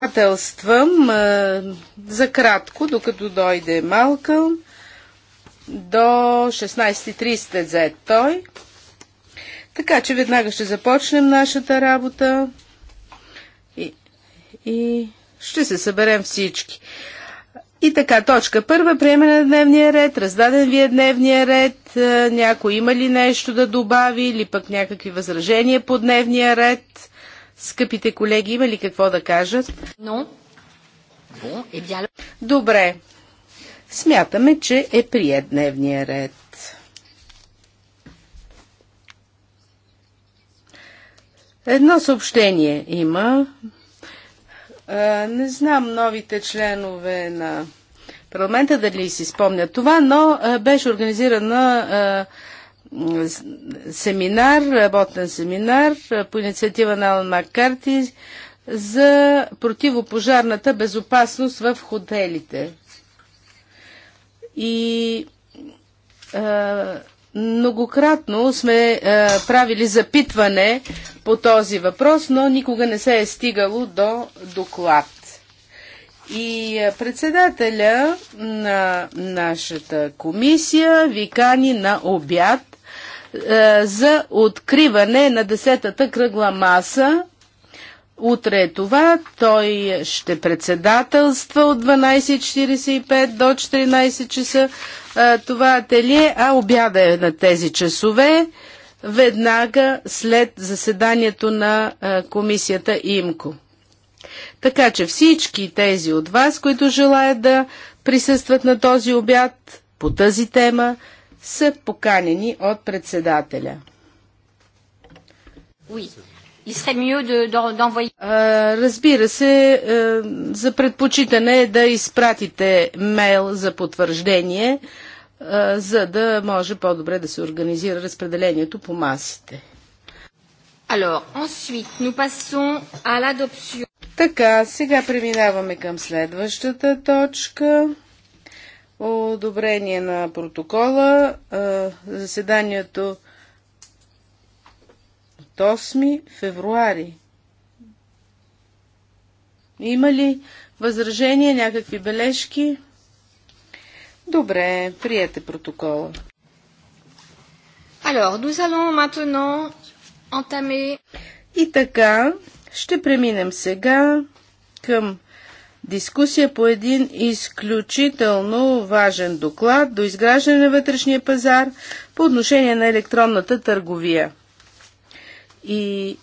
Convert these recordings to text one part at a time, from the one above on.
Приятелствам за кратко, докато дойде Малкъм. До 16.30 е за той. Така че веднага ще започнем нашата работа и, и ще се съберем всички. И така, точка първа, приеме на дневния ред, раздаден ви е дневния ред, някой има ли нещо да добави или пък някакви възражения по дневния ред. Скъпите колеги, има ли какво да кажат? Но. Е Добре. Смятаме, че е прият дневния ред. Едно съобщение има. Не знам новите членове на парламента дали си спомнят това, но беше организирана семинар, работен семинар по инициатива на Алан Маккарти за противопожарната безопасност в хотелите. И а, многократно сме а, правили запитване по този въпрос, но никога не се е стигало до доклад. И председателя на нашата комисия викани на обяд е, за откриване на десетата кръгла маса. Утре е това. Той ще председателства от 12.45 до 14 часа е, това ателие, а обяда е на тези часове веднага след заседанието на е, комисията ИМКО. Така че всички тези от вас, които желаят да присъстват на този обяд по тази тема, са поканени от председателя. Oui. Разбира се, е, за предпочитане е да изпратите мейл за потвърждение, е, за да може по-добре да се организира разпределението по масите. Alors, ensuite, nous passons à Така, сега преминаваме към следващата точка одобрение на протокола. Заседанието от 8 февруари. Има ли възражения, някакви бележки? Добре, приете протокола. Alors, nous allons maintenant entamer... И така, ще преминем сега към дискусия по един изключително важен доклад до изграждане на вътрешния пазар по отношение на електронната търговия. И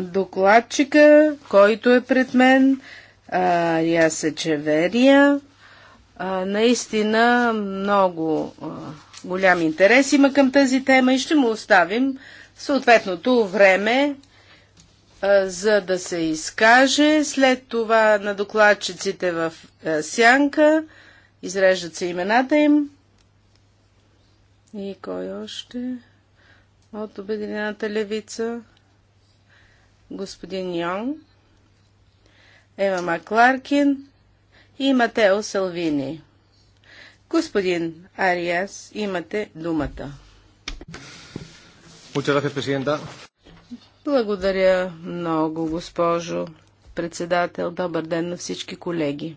докладчика, който е пред мен, Ясе Чеверия, наистина много голям интерес има към тази тема и ще му оставим съответното време за да се изкаже. След това на докладчиците в сянка изреждат се имената им. И кой още? От Обединената левица. Господин Йон. Ева Макларкин и Матео Салвини. Господин Ариас, имате думата. Muchas gracias, Presidenta. Благодаря много, госпожо председател. Добър ден на всички колеги.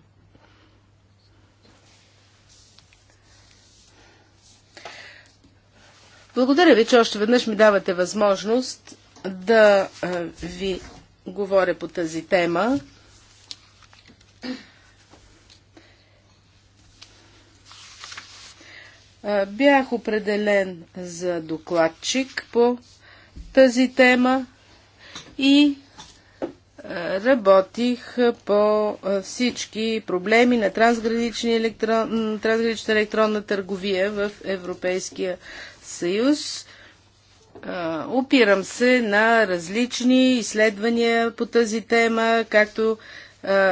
Благодаря ви, че още веднъж ми давате възможност да ви говоря по тази тема. Бях определен за докладчик по тази тема и е, работих по е, всички проблеми на трансгранична, електрон, трансгранична електронна търговия в Европейския съюз. Е, опирам се на различни изследвания по тази тема, както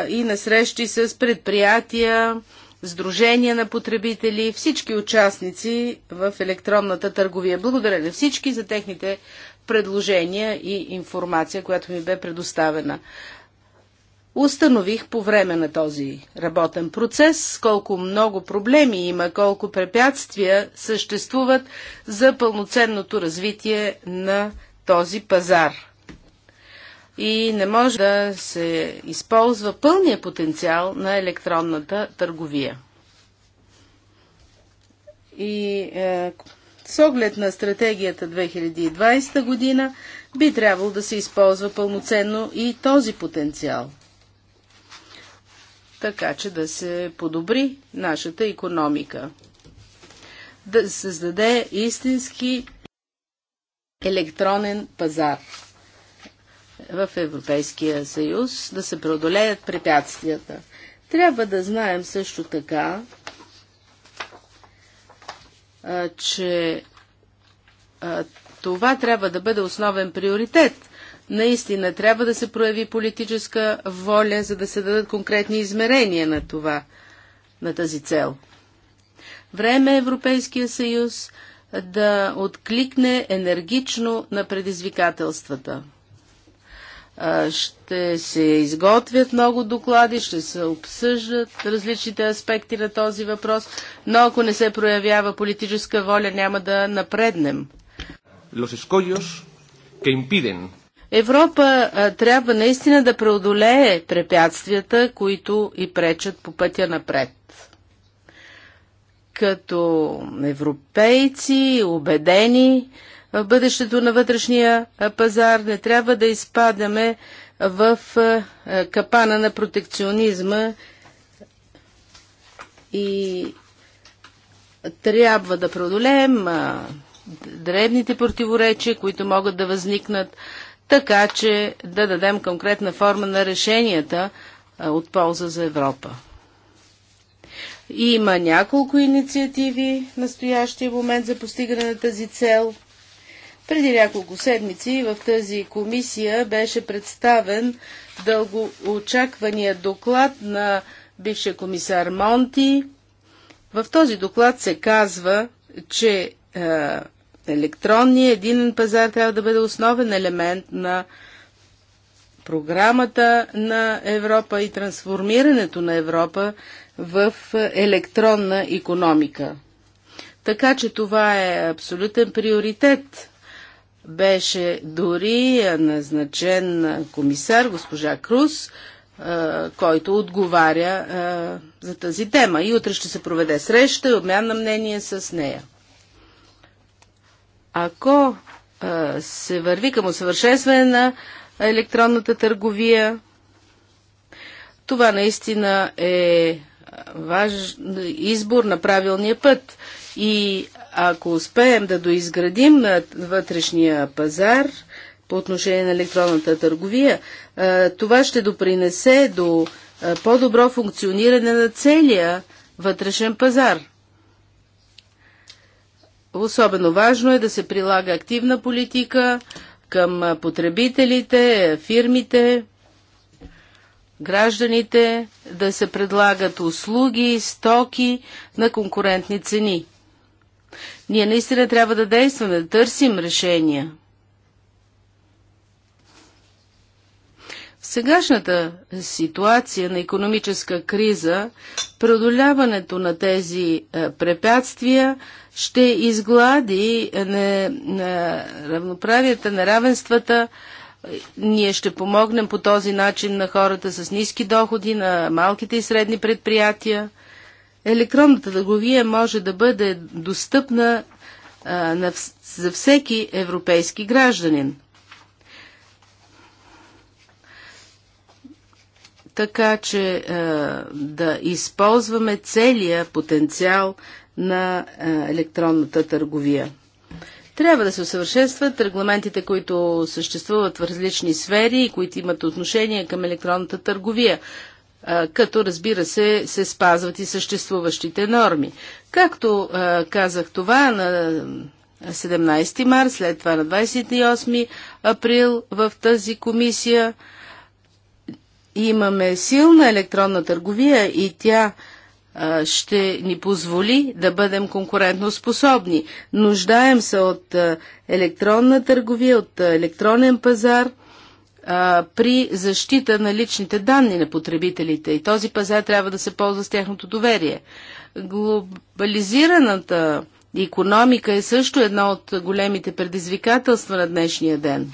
и на срещи с предприятия, сдружения на потребители, всички участници в електронната търговия. Благодаря на всички за техните предложения и информация, която ми бе предоставена. Установих по време на този работен процес колко много проблеми има, колко препятствия съществуват за пълноценното развитие на този пазар. И не може да се използва пълния потенциал на електронната търговия. И е, с оглед на стратегията 2020 година би трябвало да се използва пълноценно и този потенциал, така че да се подобри нашата економика, да създаде истински електронен пазар в Европейския съюз, да се преодолеят препятствията. Трябва да знаем също така, че това трябва да бъде основен приоритет. Наистина трябва да се прояви политическа воля, за да се дадат конкретни измерения на това, на тази цел. Време е Европейския съюз да откликне енергично на предизвикателствата. Ще се изготвят много доклади, ще се обсъждат различните аспекти на този въпрос, но ако не се проявява политическа воля, няма да напреднем. Европа трябва наистина да преодолее препятствията, които и пречат по пътя напред. Като европейци, убедени, в бъдещето на вътрешния пазар. Не трябва да изпадаме в капана на протекционизма и трябва да преодолеем древните противоречия, които могат да възникнат, така че да дадем конкретна форма на решенията от полза за Европа. Има няколко инициативи в настоящия момент за постигане на тази цел – преди няколко седмици в тази комисия беше представен дългоочаквания доклад на бившия комисар Монти. В този доклад се казва, че е, електронният единен пазар трябва да бъде основен елемент на програмата на Европа и трансформирането на Европа в електронна економика. Така че това е абсолютен приоритет беше дори е, назначен е, комисар госпожа Круз, е, който отговаря за тази тема. И утре ще се проведе среща и обмян на мнение с нея. Ако се върви към усъвършенстване на електронната търговия, това наистина е важен избор на правилния път. И ако успеем да доизградим на вътрешния пазар по отношение на електронната търговия, това ще допринесе до по-добро функциониране на целия вътрешен пазар. Особено важно е да се прилага активна политика към потребителите, фирмите, гражданите, да се предлагат услуги, стоки на конкурентни цени. Ние наистина трябва да действаме, да търсим решения. В сегашната ситуация на економическа криза, преодоляването на тези е, препятствия ще изглади е, е, равноправията, неравенствата. Ние ще помогнем по този начин на хората с ниски доходи, на малките и средни предприятия – електронната търговия може да бъде достъпна а, на, за всеки европейски гражданин. Така че а, да използваме целия потенциал на а, електронната търговия. Трябва да се усъвършенстват регламентите, които съществуват в различни сфери и които имат отношение към електронната търговия като разбира се се спазват и съществуващите норми. Както казах това на 17 март, след това на 28 април в тази комисия имаме силна електронна търговия и тя ще ни позволи да бъдем конкурентно способни. Нуждаем се от електронна търговия, от електронен пазар – а, при защита на личните данни на потребителите и този пазар трябва да се ползва с тяхното доверие. Глобализираната економика е също едно от големите предизвикателства на днешния ден.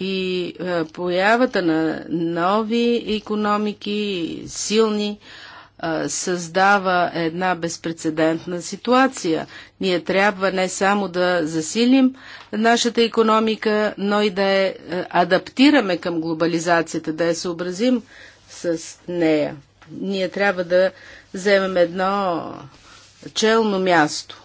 И появата на нови економики, силни, а, създава една безпредседентна ситуация. Ние трябва не само да засилим нашата економика, но и да я адаптираме към глобализацията, да я съобразим с нея. Ние трябва да вземем едно челно място.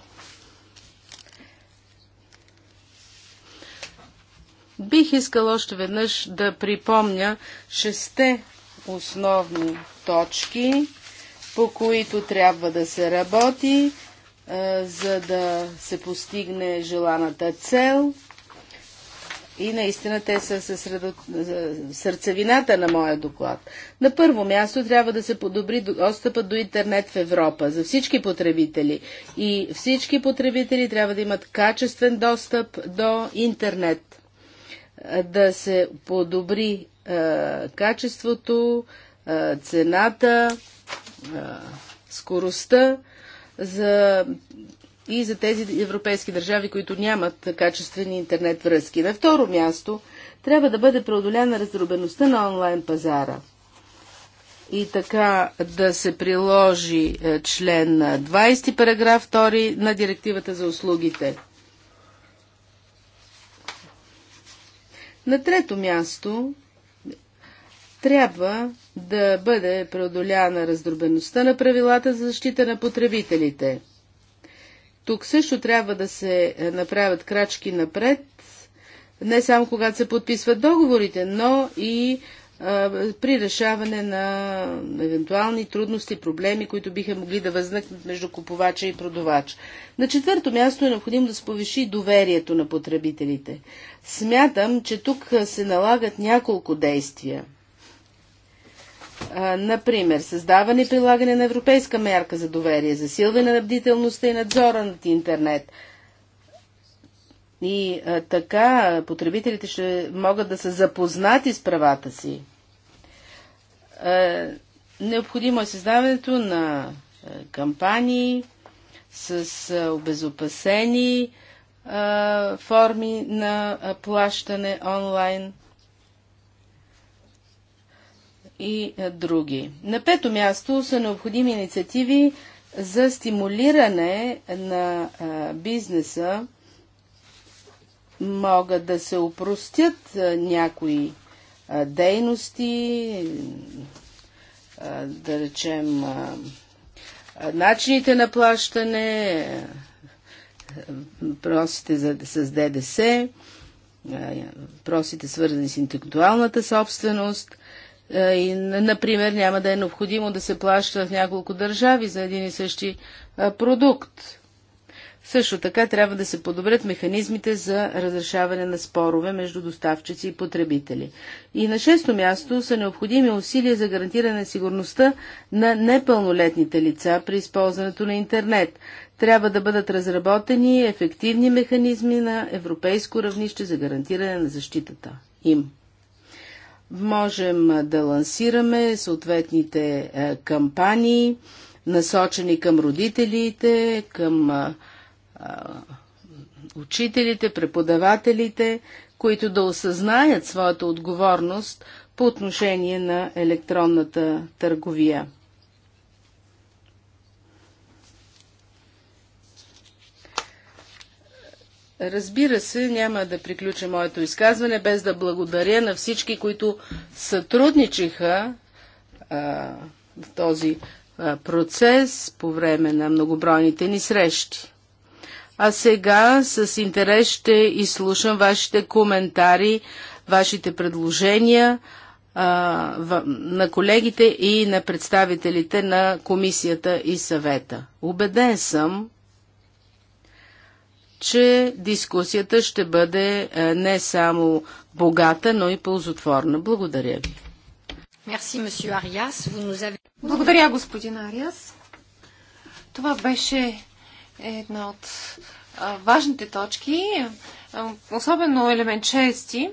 Бих искал още веднъж да припомня шесте основни точки по които трябва да се работи, за да се постигне желаната цел. И наистина те са съсредо... сърцевината на моя доклад. На първо място трябва да се подобри достъпа до интернет в Европа за всички потребители. И всички потребители трябва да имат качествен достъп до интернет. Да се подобри е, качеството, е, цената, скоростта за, и за тези европейски държави, които нямат качествени интернет връзки. На второ място трябва да бъде преодоляна раздробеността на онлайн пазара и така да се приложи е, член 20 параграф 2 на директивата за услугите. На трето място трябва да бъде преодоляна раздробеността на правилата за защита на потребителите. Тук също трябва да се направят крачки напред, не само когато се подписват договорите, но и а, при решаване на евентуални трудности, проблеми, които биха могли да възникнат между купувача и продавач. На четвърто място е необходимо да се повиши доверието на потребителите. Смятам, че тук се налагат няколко действия – Например, създаване и прилагане на европейска мярка за доверие, засилване на бдителността и надзора над интернет. И а, така потребителите ще могат да са запознати с правата си. А, необходимо е създаването на а, кампании с а, обезопасени а, форми на а, плащане онлайн – и е, други. На пето място са необходими инициативи за стимулиране на е, бизнеса. Могат да се упростят е, някои дейности, да речем начините на плащане, просите с ДДС, просите, свързани с интелектуалната собственост – е, и, например, няма да е необходимо да се плаща в няколко държави за един и същи е, продукт. Също така трябва да се подобрят механизмите за разрешаване на спорове между доставчици и потребители. И на шесто място са необходими усилия за гарантиране на сигурността на непълнолетните лица при използването на интернет. Трябва да бъдат разработени ефективни механизми на европейско равнище за гарантиране на защитата им можем да лансираме съответните кампании, насочени към родителите, към учителите, преподавателите, които да осъзнаят своята отговорност по отношение на електронната търговия. Разбира се, няма да приключа моето изказване без да благодаря на всички, които сътрудничиха а, в този а, процес по време на многобройните ни срещи. А сега с интерес ще изслушам вашите коментари, вашите предложения а, в, на колегите и на представителите на комисията и съвета. Убеден съм, че дискусията ще бъде е, не само богата, но и ползотворна. Благодаря ви. Благодаря, господин Ариас. Това беше една от важните точки, особено елемент чести.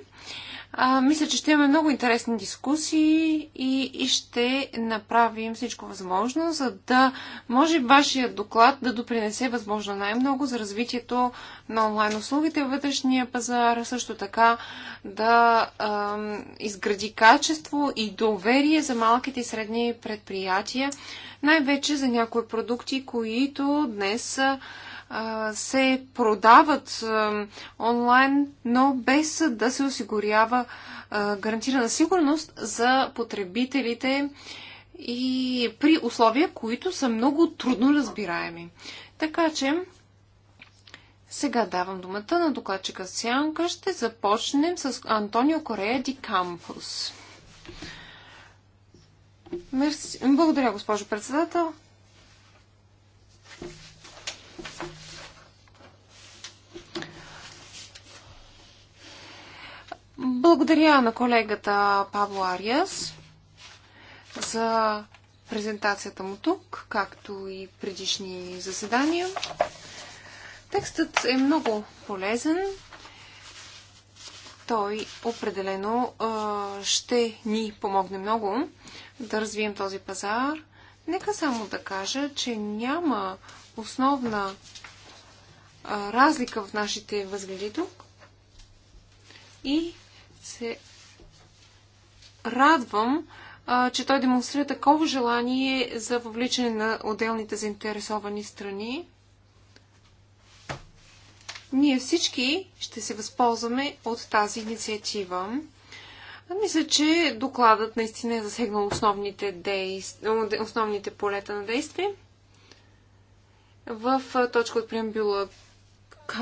А, мисля, че ще имаме много интересни дискусии и, и ще направим всичко възможно, за да може вашия доклад да допринесе възможно най-много за развитието на онлайн услугите в вътрешния пазар, също така да а, изгради качество и доверие за малките и средни предприятия, най-вече за някои продукти, които днес са се продават онлайн, но без да се осигурява гарантирана сигурност за потребителите и при условия, които са много трудно разбираеми. Така че, сега давам думата на докладчика Сянка. Ще започнем с Антонио Корея Ди Кампус. Мерси. Благодаря, госпожо председател. Благодаря на колегата Пабло Ариас за презентацията му тук, както и предишни заседания. Текстът е много полезен. Той определено ще ни помогне много да развием този пазар. Нека само да кажа, че няма основна разлика в нашите възгледи тук. И се радвам, а, че той демонстрира такова желание за въвличане на отделните заинтересовани страни. Ние всички ще се възползваме от тази инициатива. Мисля, че докладът наистина е засегнал основните, действ... основните полета на действие. В точка от преамбюла К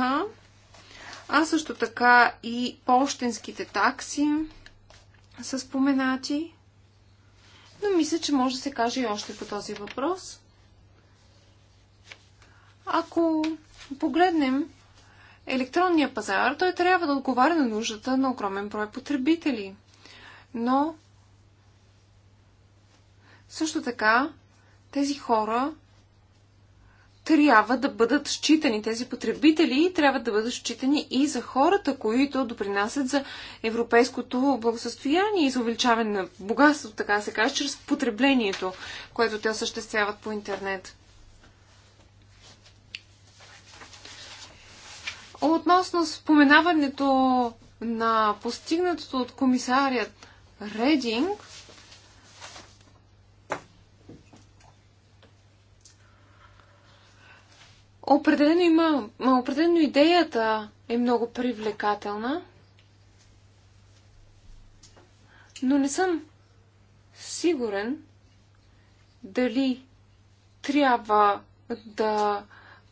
а също така и пощенските такси са споменати. Но мисля, че може да се каже и още по този въпрос. Ако погледнем електронния пазар, той трябва да отговаря на нуждата на огромен брой потребители. Но също така тези хора трябва да бъдат считани тези потребители и трябва да бъдат считани и за хората, които допринасят за европейското благосъстояние и за увеличаване на богатството, така се каже, чрез потреблението, което те осъществяват по интернет. Относно споменаването на постигнатото от комисарият Рединг, Определено има, определено идеята е много привлекателна, но не съм сигурен дали трябва да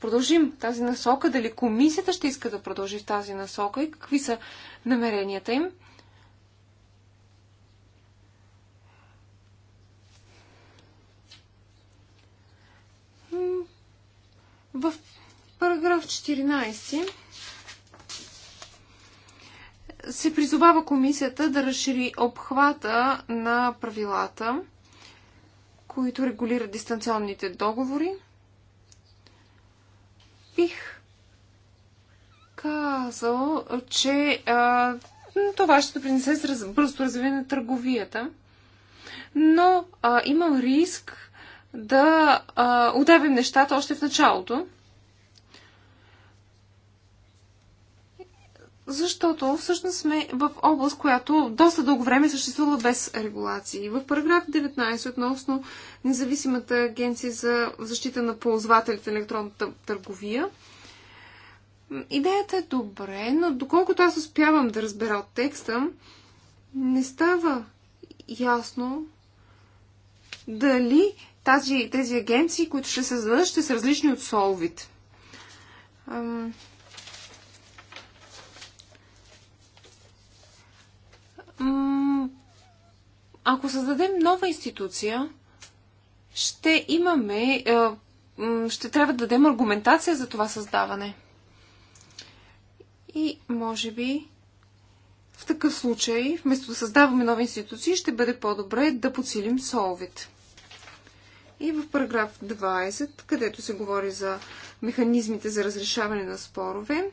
продължим тази насока, дали комисията ще иска да продължи в тази насока и какви са намеренията им. В параграф 14 се призовава комисията да разшири обхвата на правилата, които регулират дистанционните договори. Бих казал, че а, това ще принесе с раз, бързо развиване на търговията, но а, имам риск да а, удавим нещата още в началото. Защото всъщност сме в област, която доста дълго време е съществува без регулации. В параграф 19 относно независимата агенция за защита на ползвателите на електронната търговия, идеята е добре, но доколкото аз успявам да разбера от текста, не става ясно дали тази, тези агенции, които ще създадат, ще са различни от Solvit. Ако създадем нова институция, ще имаме, е, ще трябва да дадем аргументация за това създаване. И може би в такъв случай, вместо да създаваме нови институции, ще бъде по-добре да подсилим Solvit и в параграф 20, където се говори за механизмите за разрешаване на спорове.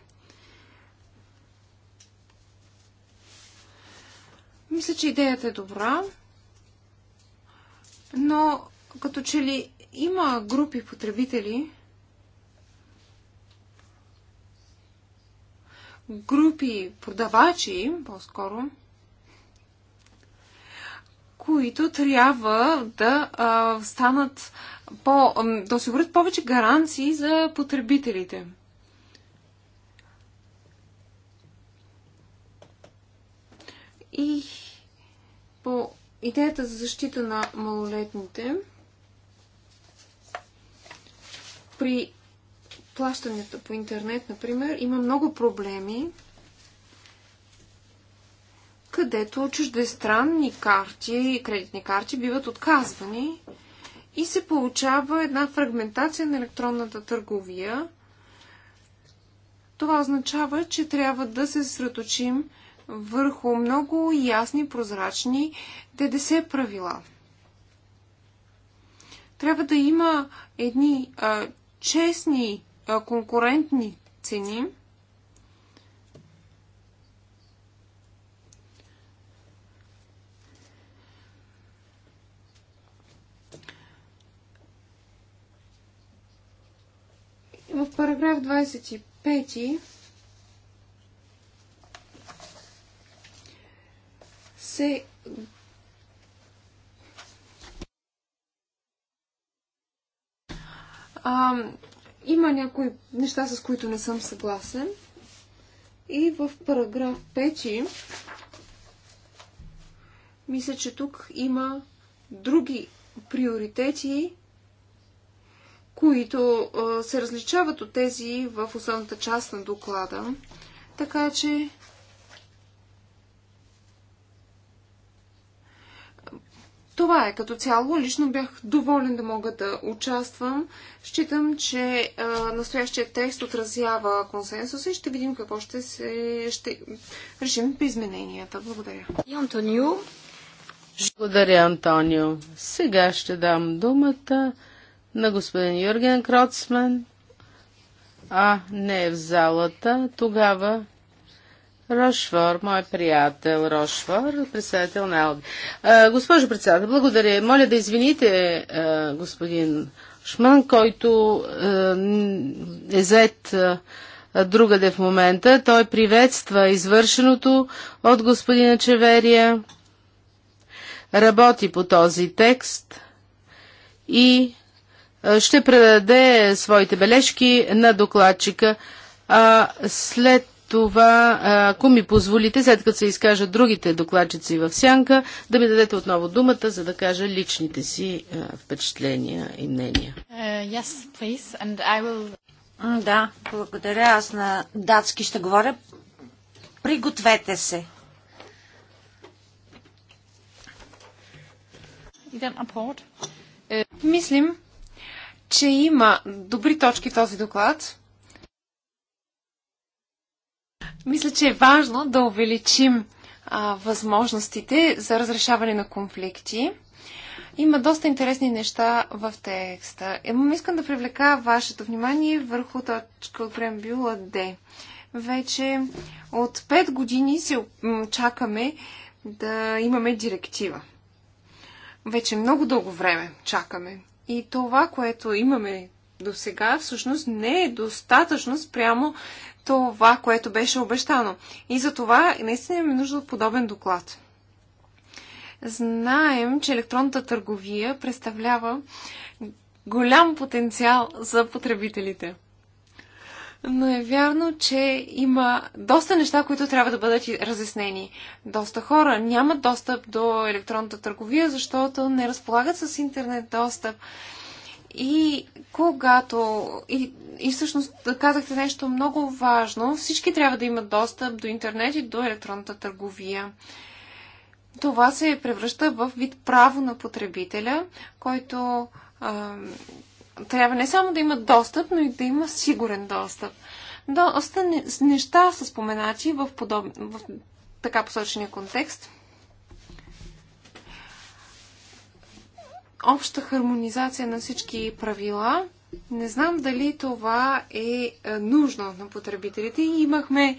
Мисля, че идеята е добра, но като че ли има групи потребители, групи продавачи, по-скоро, които трябва да а, станат по, да осигурят повече гаранции за потребителите. И по идеята за защита на малолетните при плащането по интернет, например, има много проблеми, където чуждестранни карти и кредитни карти биват отказвани и се получава една фрагментация на електронната търговия. Това означава, че трябва да се съсредоточим върху много ясни, прозрачни ДДС правила. Трябва да има едни а, честни, а, конкурентни цени – В параграф 25 се а, има някои неща, с които не съм съгласен. И в параграф 5 мисля, че тук има други приоритети, които се различават от тези в основната част на доклада. Така че Това е като цяло. Лично бях доволен да мога да участвам. Считам, че а, настоящия текст отразява консенсуса и ще видим какво ще се ще решим при измененията. Благодаря. И Антонио. Благодаря, Антонио. Сега ще дам думата на господин Юрген Кроцман, а не е в залата, тогава Рошвор, мой приятел Рошвор, председател на Алби. Госпожо председател, благодаря. Моля да извините а, господин Шман, който а, е зает другаде в момента. Той приветства извършеното от господина Чеверия, работи по този текст и е, ще предаде своите бележки на докладчика. А след това, е, ако ми позволите, след като се изкажат другите докладчици в сянка, да ми дадете отново думата, за да кажа личните си е, впечатления и мнения. Uh, yes, please, and I will... Mm, да, благодаря. Аз на датски ще говоря. Пригответе се. Мислим, че има добри точки в този доклад. Мисля, че е важно да увеличим а, възможностите за разрешаване на конфликти. Има доста интересни неща в текста. Ема искам да привлека вашето внимание върху точка от преамбюла Д. Вече от 5 години се чакаме да имаме директива. Вече много дълго време чакаме. И това, което имаме до сега, всъщност не е достатъчно спрямо това, което беше обещано. И за това наистина имаме нужда от подобен доклад. Знаем, че електронната търговия представлява голям потенциал за потребителите но е вярно, че има доста неща, които трябва да бъдат разяснени. Доста хора нямат достъп до електронната търговия, защото не разполагат с интернет достъп. И когато. И, и всъщност казахте нещо много важно. Всички трябва да имат достъп до интернет и до електронната търговия. Това се превръща в вид право на потребителя, който трябва не само да има достъп, но и да има сигурен достъп. Доста неща са споменати в, подоб... в така посочения контекст. Обща хармонизация на всички правила. Не знам дали това е, е нужно на потребителите. Имахме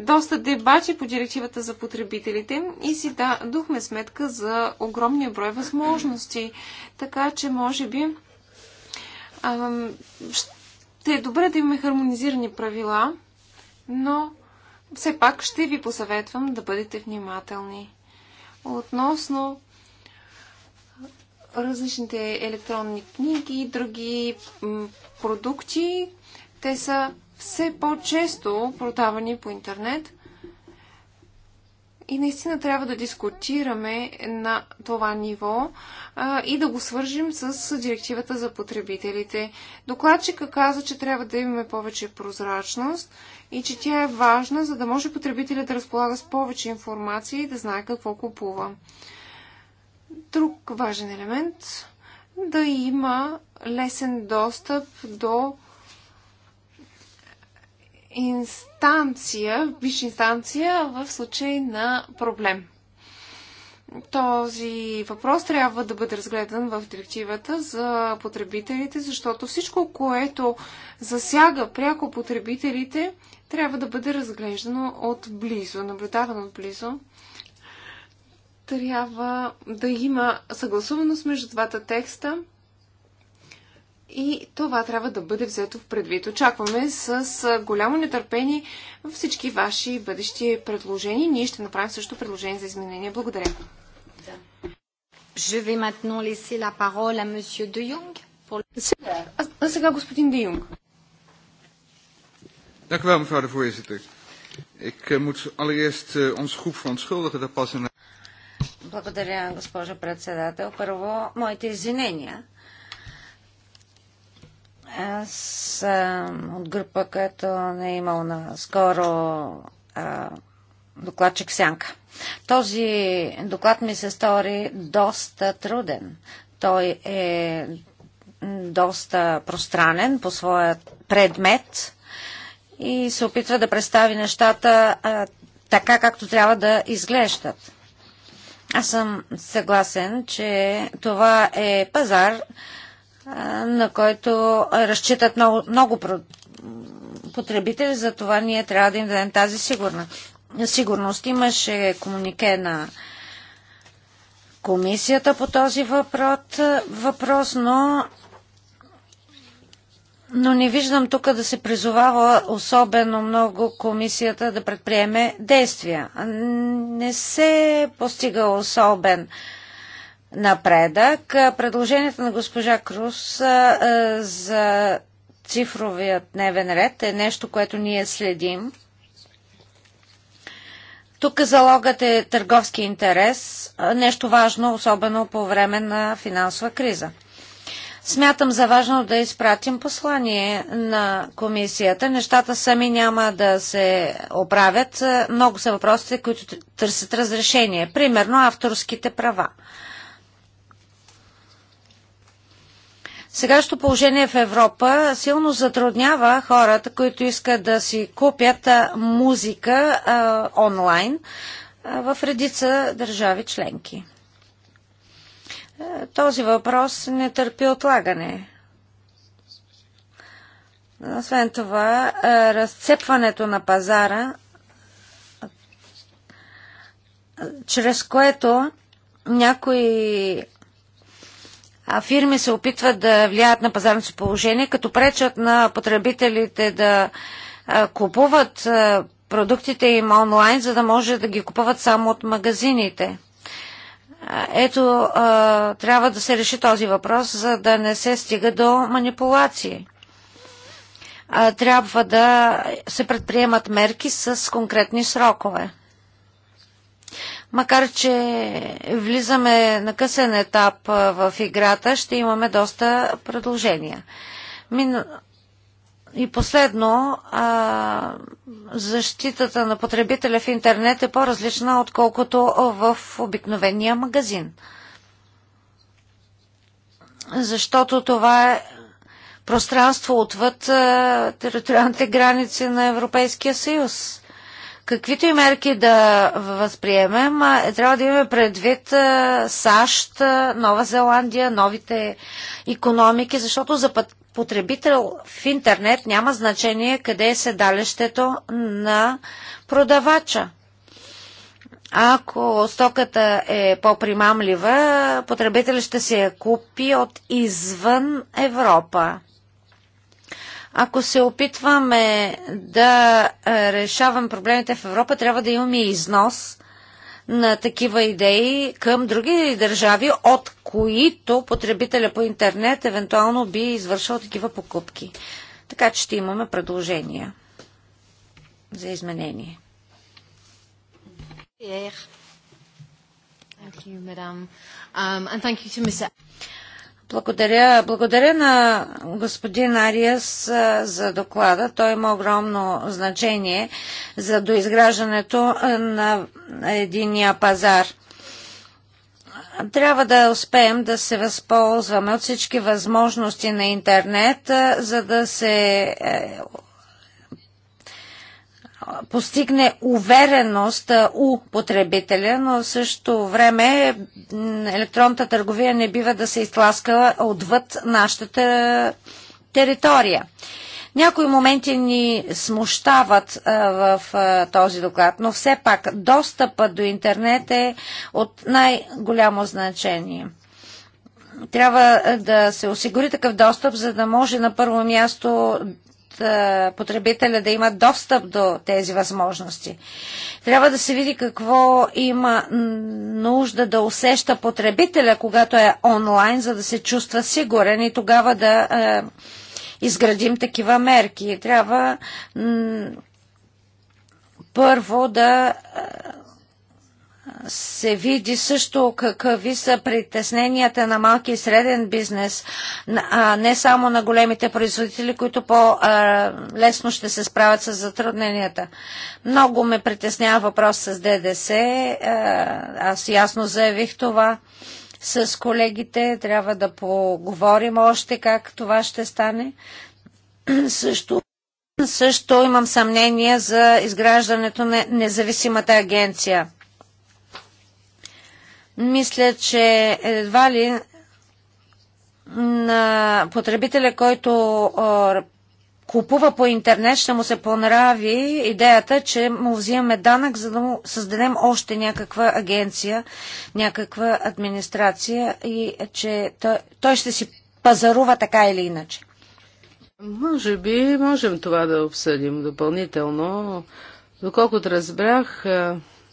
доста дебати по директивата за потребителите и си дадохме сметка за огромния брой възможности. Така че, може би, ще е добре да имаме хармонизирани правила, но все пак ще ви посъветвам да бъдете внимателни. Относно различните електронни книги и други продукти, те са все по-често продавани по интернет и наистина трябва да дискутираме на това ниво а, и да го свържим с директивата за потребителите. Докладчика каза, че трябва да имаме повече прозрачност и че тя е важна, за да може потребителят да разполага с повече информация и да знае какво купува. Друг важен елемент да има лесен достъп до инстанция, висша инстанция в случай на проблем. Този въпрос трябва да бъде разгледан в директивата за потребителите, защото всичко, което засяга пряко потребителите, трябва да бъде разглеждано отблизо, наблюдавано отблизо. Трябва да има съгласуваност между двата текста – и това трябва да бъде взето в предвид. Очакваме с голямо нетърпение всички ваши бъдещи предложения. Ние ще направим също предложение за изменения. Благодаря. Je vais maintenant laisser la parole à monsieur De Jong. Pour... а сега господин Де Юнг. Dank u wel, mevrouw de voorzitter. Ik uh, moet allereerst uh, eh, onze groep verontschuldigen dat pas Благодаря, госпожа председател. Първо, моите извинения аз съм от група, която не е имал на а, докладчик Сянка. Този доклад ми се стори доста труден. Той е доста пространен по своя предмет и се опитва да представи нещата а, така, както трябва да изглеждат. Аз съм съгласен, че това е пазар, на който разчитат много, много потребители, за това ние трябва да им дадем тази сигурна. сигурност. Имаше комунике на комисията по този въпрос, въпрос но, но не виждам тук да се призовава особено много комисията да предприеме действия. Не се е постига особен напредък. Предложението на госпожа Крус за цифровият дневен ред е нещо, което ние следим. Тук залогът е търговски интерес, нещо важно, особено по време на финансова криза. Смятам за важно да изпратим послание на комисията. Нещата сами няма да се оправят. Много са въпросите, които търсят разрешение. Примерно авторските права. Сегашното положение в Европа силно затруднява хората, които искат да си купят музика а, онлайн а, в редица държави членки. Този въпрос не търпи отлагане. Освен това, разцепването на пазара, чрез което някои фирми се опитват да влияят на пазарното положение, като пречат на потребителите да купуват продуктите им онлайн, за да може да ги купуват само от магазините. Ето, трябва да се реши този въпрос, за да не се стига до манипулации. Трябва да се предприемат мерки с конкретни срокове макар че влизаме на късен етап в играта, ще имаме доста предложения. Мин... И последно, а, защитата на потребителя в интернет е по-различна, отколкото в обикновения магазин. Защото това е пространство отвъд а, териториалните граници на Европейския съюз. Каквито и мерки да възприемем, трябва да имаме предвид САЩ, Нова Зеландия, новите економики, защото за потребител в интернет няма значение къде е седалището на продавача. Ако стоката е по-примамлива, потребителят ще се я купи от извън Европа. Ако се опитваме да е, решаваме проблемите в Европа, трябва да имаме износ на такива идеи към други държави, от които потребителя по интернет евентуално би извършил такива покупки. Така че ще имаме предложения за изменение. Thank you, madam. Um, and thank you to Mr. Благодаря, благодаря на господин Ариас за доклада. Той има огромно значение за доизграждането на единия пазар. Трябва да успеем да се възползваме от всички възможности на интернет, за да се е, постигне увереност у потребителя, но в същото време електронната търговия не бива да се изтласка отвъд нашата територия. Някои моменти ни смущават в този доклад, но все пак достъпът до интернет е от най-голямо значение. Трябва да се осигури такъв достъп, за да може на първо място е, потребителя да има достъп до тези възможности. Трябва да се види какво има нужда да усеща потребителя, когато е онлайн, за да се чувства сигурен и тогава да е, изградим такива мерки. Трябва първо да е, се види също какви са притесненията на малки и среден бизнес, а не само на големите производители, които по-лесно ще се справят с затрудненията. Много ме притеснява въпрос с ДДС. Е, аз ясно заявих това с колегите. Трябва да поговорим още как това ще стане. Също също имам съмнение за изграждането на независимата агенция. Мисля, че едва ли на потребителя, който купува по интернет, ще му се понрави идеята, че му взимаме данък, за да му създадем още някаква агенция, някаква администрация и че той, той ще си пазарува така или иначе. Може би можем това да обсъдим допълнително. Доколкото разбрах,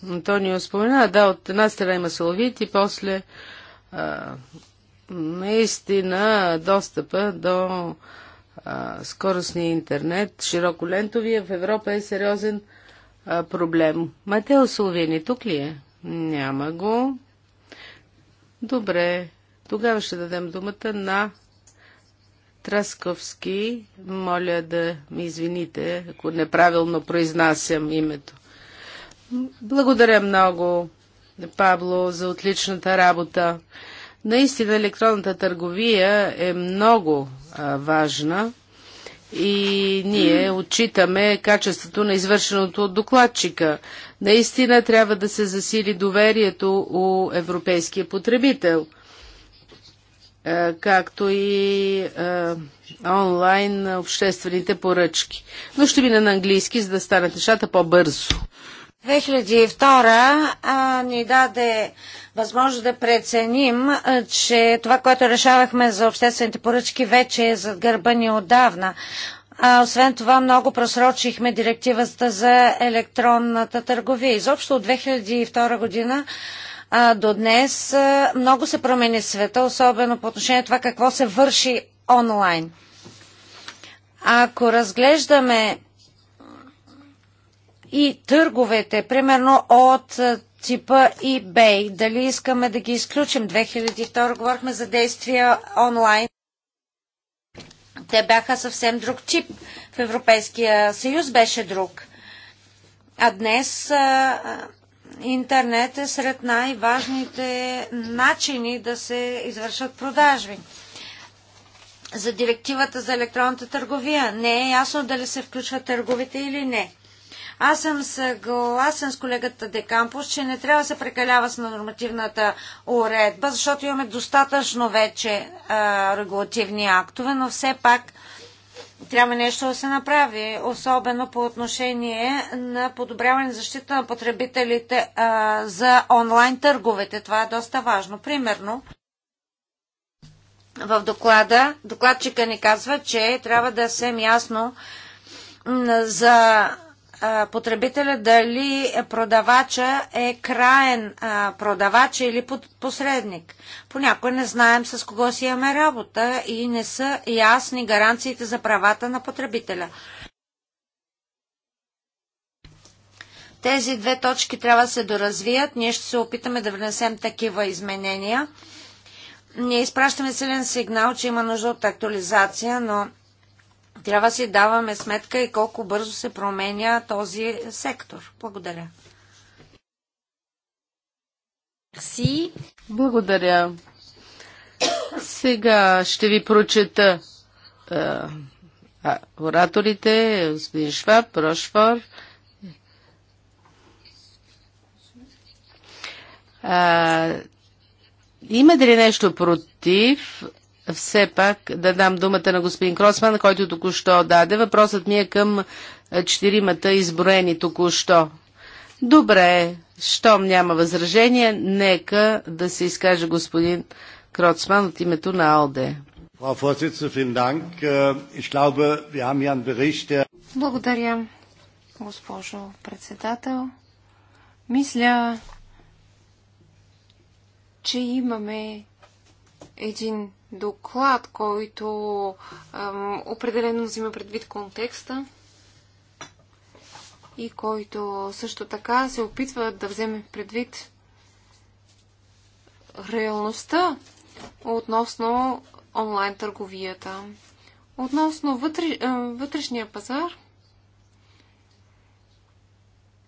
Антонио спомена, да, от една страна има соловит и после а, наистина достъпа до а, скоростния интернет, широколентовия в Европа е сериозен а, проблем. Матео Соловини тук ли е? Няма го. Добре, тогава ще дадем думата на Трасковски. Моля да ми извините, ако неправилно произнасям името. Благодаря много, Пабло, за отличната работа. Наистина електронната търговия е много а, важна и ние отчитаме качеството на извършеното от докладчика. Наистина трябва да се засили доверието у европейския потребител, а, както и а, онлайн обществените поръчки. Но ще мина на английски, за да станат нещата по-бързо. 2002 а, ни даде възможност да преценим, а, че това, което решавахме за обществените поръчки, вече е зад гърба ни отдавна. А, освен това, много просрочихме директивата за електронната търговия. Изобщо от 2002 година а, до днес а, много се промени света, особено по отношение на това какво се върши онлайн. Ако разглеждаме и търговете, примерно от типа eBay. Дали искаме да ги изключим? 2002 говорихме за действия онлайн. Те бяха съвсем друг тип. В Европейския съюз беше друг. А днес а, интернет е сред най-важните начини да се извършат продажби. За директивата за електронната търговия не е ясно дали се включват търговите или не. Аз съм съгласен с колегата Декампус, че не трябва да се прекалява с нормативната уредба, защото имаме достатъчно вече а, регулативни актове, но все пак трябва нещо да се направи, особено по отношение на подобряване на защита на потребителите а, за онлайн търговете. Това е доста важно. Примерно, в доклада, докладчика ни казва, че трябва да е се ясно за потребителя дали продавача е краен продавач или посредник. Понякога не знаем с кого си имаме работа и не са ясни гаранциите за правата на потребителя. Тези две точки трябва да се доразвият. Ние ще се опитаме да внесем такива изменения. Ние изпращаме силен сигнал, че има нужда от актуализация, но трябва си даваме сметка и колко бързо се променя този сектор. Благодаря. Си. Благодаря. Сега ще ви прочета а, ораторите, господин Шваб, Прошвор. А, има ли нещо против? все пак да дам думата на господин Кросман, който току-що даде. Въпросът ми е към четиримата изброени току-що. Добре, щом няма възражение, нека да се изкаже господин Кроцман от името на АЛДЕ. Е, е. Благодаря, госпожо председател. Мисля, че имаме един доклад, който ем, определено взима предвид контекста и който също така се опитва да вземе предвид реалността относно онлайн търговията. Относно вътре, вътрешния пазар,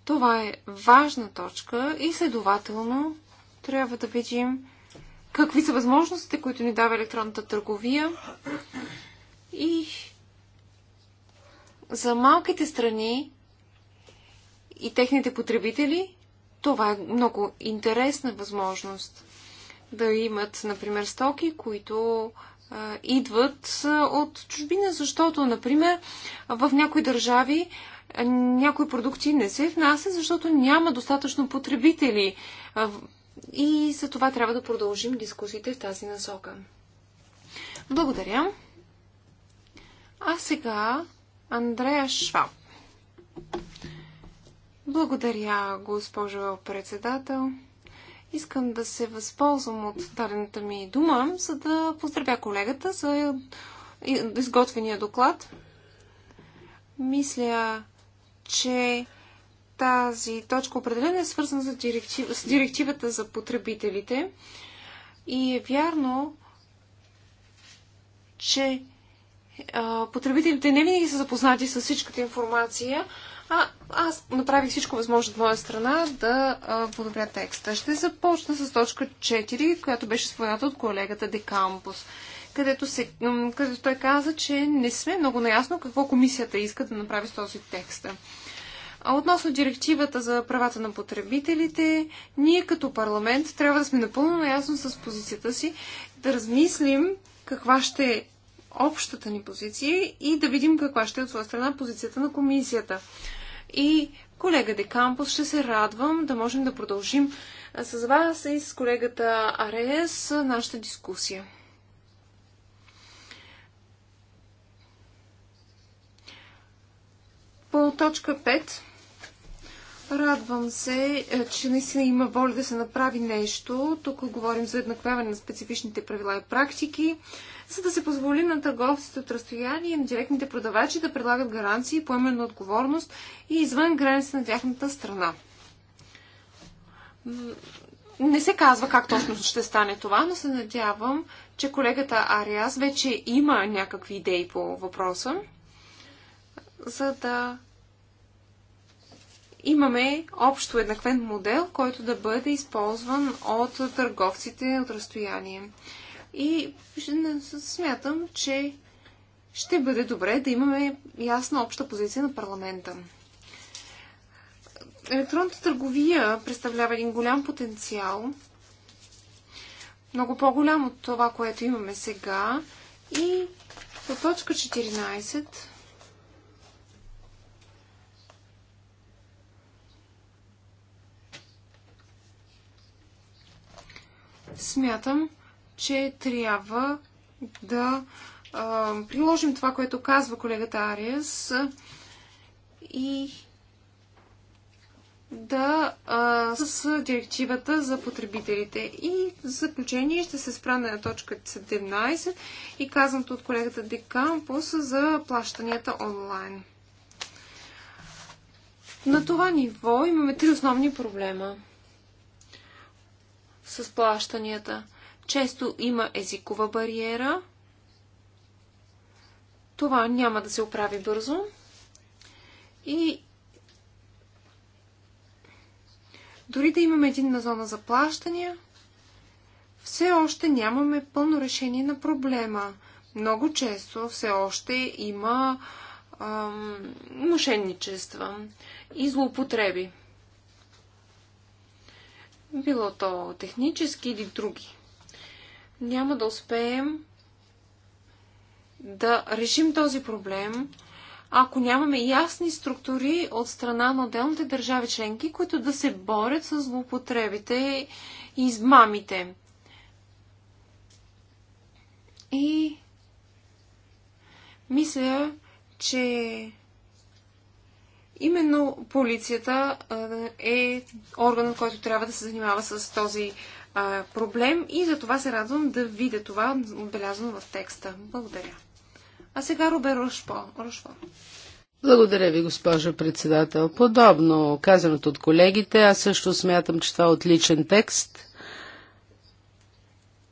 това е важна точка и следователно трябва да видим какви са възможностите, които ни дава електронната търговия и за малките страни и техните потребители това е много интересна възможност да имат, например, стоки, които а, идват от чужбина, защото, например, в някои държави някои продукти не се внасят, защото няма достатъчно потребители и за това трябва да продължим дискусиите в тази насока. Благодаря. А сега Андрея Шваб. Благодаря, госпожо председател. Искам да се възползвам от дадената ми дума, за да поздравя колегата за изготвения доклад. Мисля, че тази точка определено е свързана с, директив, с директивата за потребителите. И е вярно, че а, потребителите не винаги са запознати с всичката информация, а аз направих всичко възможно от моя страна да а, подобря текста. Ще започна с точка 4, която беше спомената от колегата Декампус, където, се, където той каза, че не сме много наясно какво комисията иска да направи с този текст. А относно директивата за правата на потребителите, ние като парламент трябва да сме напълно наясно с позицията си, да размислим каква ще е общата ни позиция и да видим каква ще е от своя страна позицията на комисията. И колега Декампус, ще се радвам да можем да продължим с вас и с колегата Арес нашата дискусия. По точка 5 Радвам се, е, че наистина има воля да се направи нещо. Тук говорим за еднаквяване на специфичните правила и практики, за да се позволи на търговците от разстояние и на директните продавачи да предлагат гаранции, поемена отговорност и извън граница на тяхната страна. Не се казва как точно ще стане това, но се надявам, че колегата Ариас вече има някакви идеи по въпроса, за да имаме общо еднаквен модел, който да бъде използван от търговците от разстояние. И смятам, че ще бъде добре да имаме ясна обща позиция на парламента. Електронната търговия представлява един голям потенциал, много по-голям от това, което имаме сега. И по точка 14 смятам, че трябва да а, приложим това, което казва колегата Ариас и да а, с директивата за потребителите. И в заключение ще се спра на точка 17 и казаното от колегата Декампус за плащанията онлайн. На това ниво имаме три основни проблема – с плащанията. Често има езикова бариера. Това няма да се оправи бързо. И дори да имаме един на зона за плащания, все още нямаме пълно решение на проблема. Много често все още има ам, мошенничества и злоупотреби било то технически или други. Няма да успеем да решим този проблем, ако нямаме ясни структури от страна на отделните държави членки, които да се борят с злоупотребите и измамите. И мисля, че Именно полицията е органът, който трябва да се занимава с този проблем и за това се радвам да видя това отбелязано в текста. Благодаря. А сега Робер Рошпо. Рошпо. Благодаря ви, госпожо председател. Подобно казаното от колегите, аз също смятам, че това е отличен текст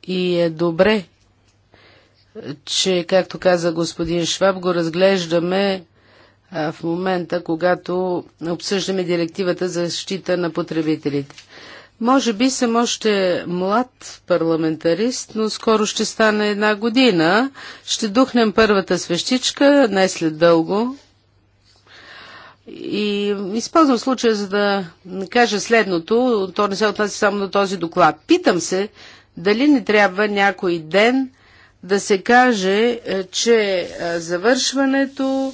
и е добре, че, както каза господин Шваб, го разглеждаме в момента, когато обсъждаме директивата за защита на потребителите. Може би съм още млад парламентарист, но скоро ще стане една година. Ще духнем първата свещичка, не след дълго. И използвам случая, за да кажа следното, то не се отнася само до този доклад. Питам се, дали не трябва някой ден да се каже, е, че е, завършването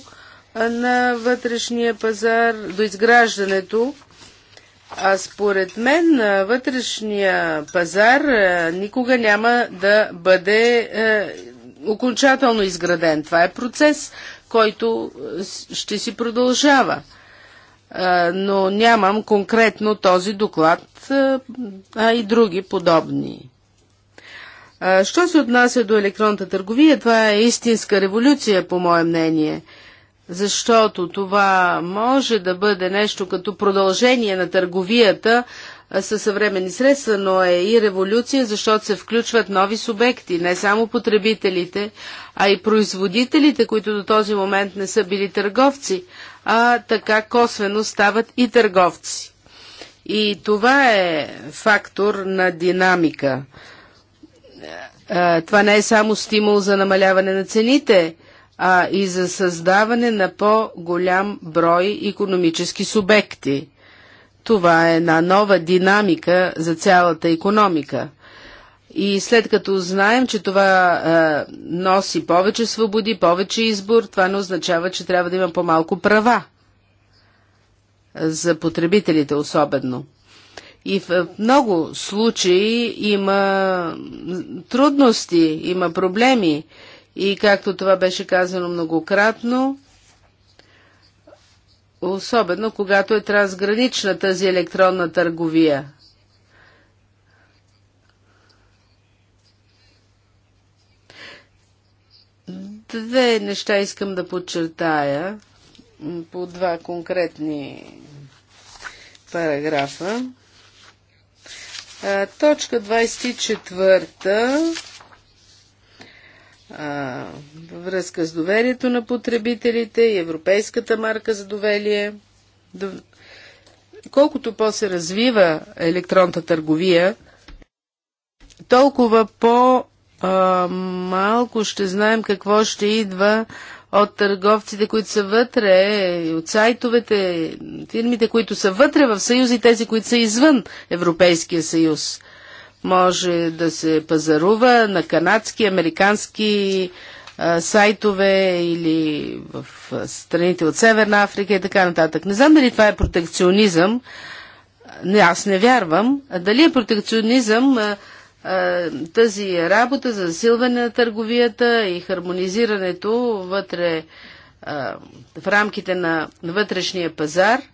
на вътрешния пазар, до изграждането. А според мен вътрешния пазар никога няма да бъде окончателно изграден. Това е процес, който ще си продължава. Но нямам конкретно този доклад, а и други подобни. Що се отнася до електронната търговия, това е истинска революция, по мое мнение – защото това може да бъде нещо като продължение на търговията със съвременни средства, но е и революция, защото се включват нови субекти, не само потребителите, а и производителите, които до този момент не са били търговци, а така косвено стават и търговци. И това е фактор на динамика. Това не е само стимул за намаляване на цените, а и за създаване на по-голям брой економически субекти. Това е една нова динамика за цялата економика. И след като знаем, че това а, носи повече свободи, повече избор, това не означава, че трябва да има по-малко права за потребителите особено. И в много случаи има трудности, има проблеми. И както това беше казано многократно, особено когато е трансгранична тази електронна търговия. Две неща искам да подчертая по два конкретни параграфа. Точка 24 а, във връзка с доверието на потребителите и европейската марка за доверие. Колкото по-се развива електронната търговия, толкова по-малко ще знаем какво ще идва от търговците, които са вътре, от сайтовете, фирмите, които са вътре в Съюз и тези, които са извън Европейския съюз може да се пазарува на канадски, американски сайтове или в страните от Северна Африка и така нататък. Не знам дали това е протекционизъм. Не, аз не вярвам. А дали е протекционизъм а, тази работа за засилване на търговията и хармонизирането вътре в рамките на вътрешния пазар –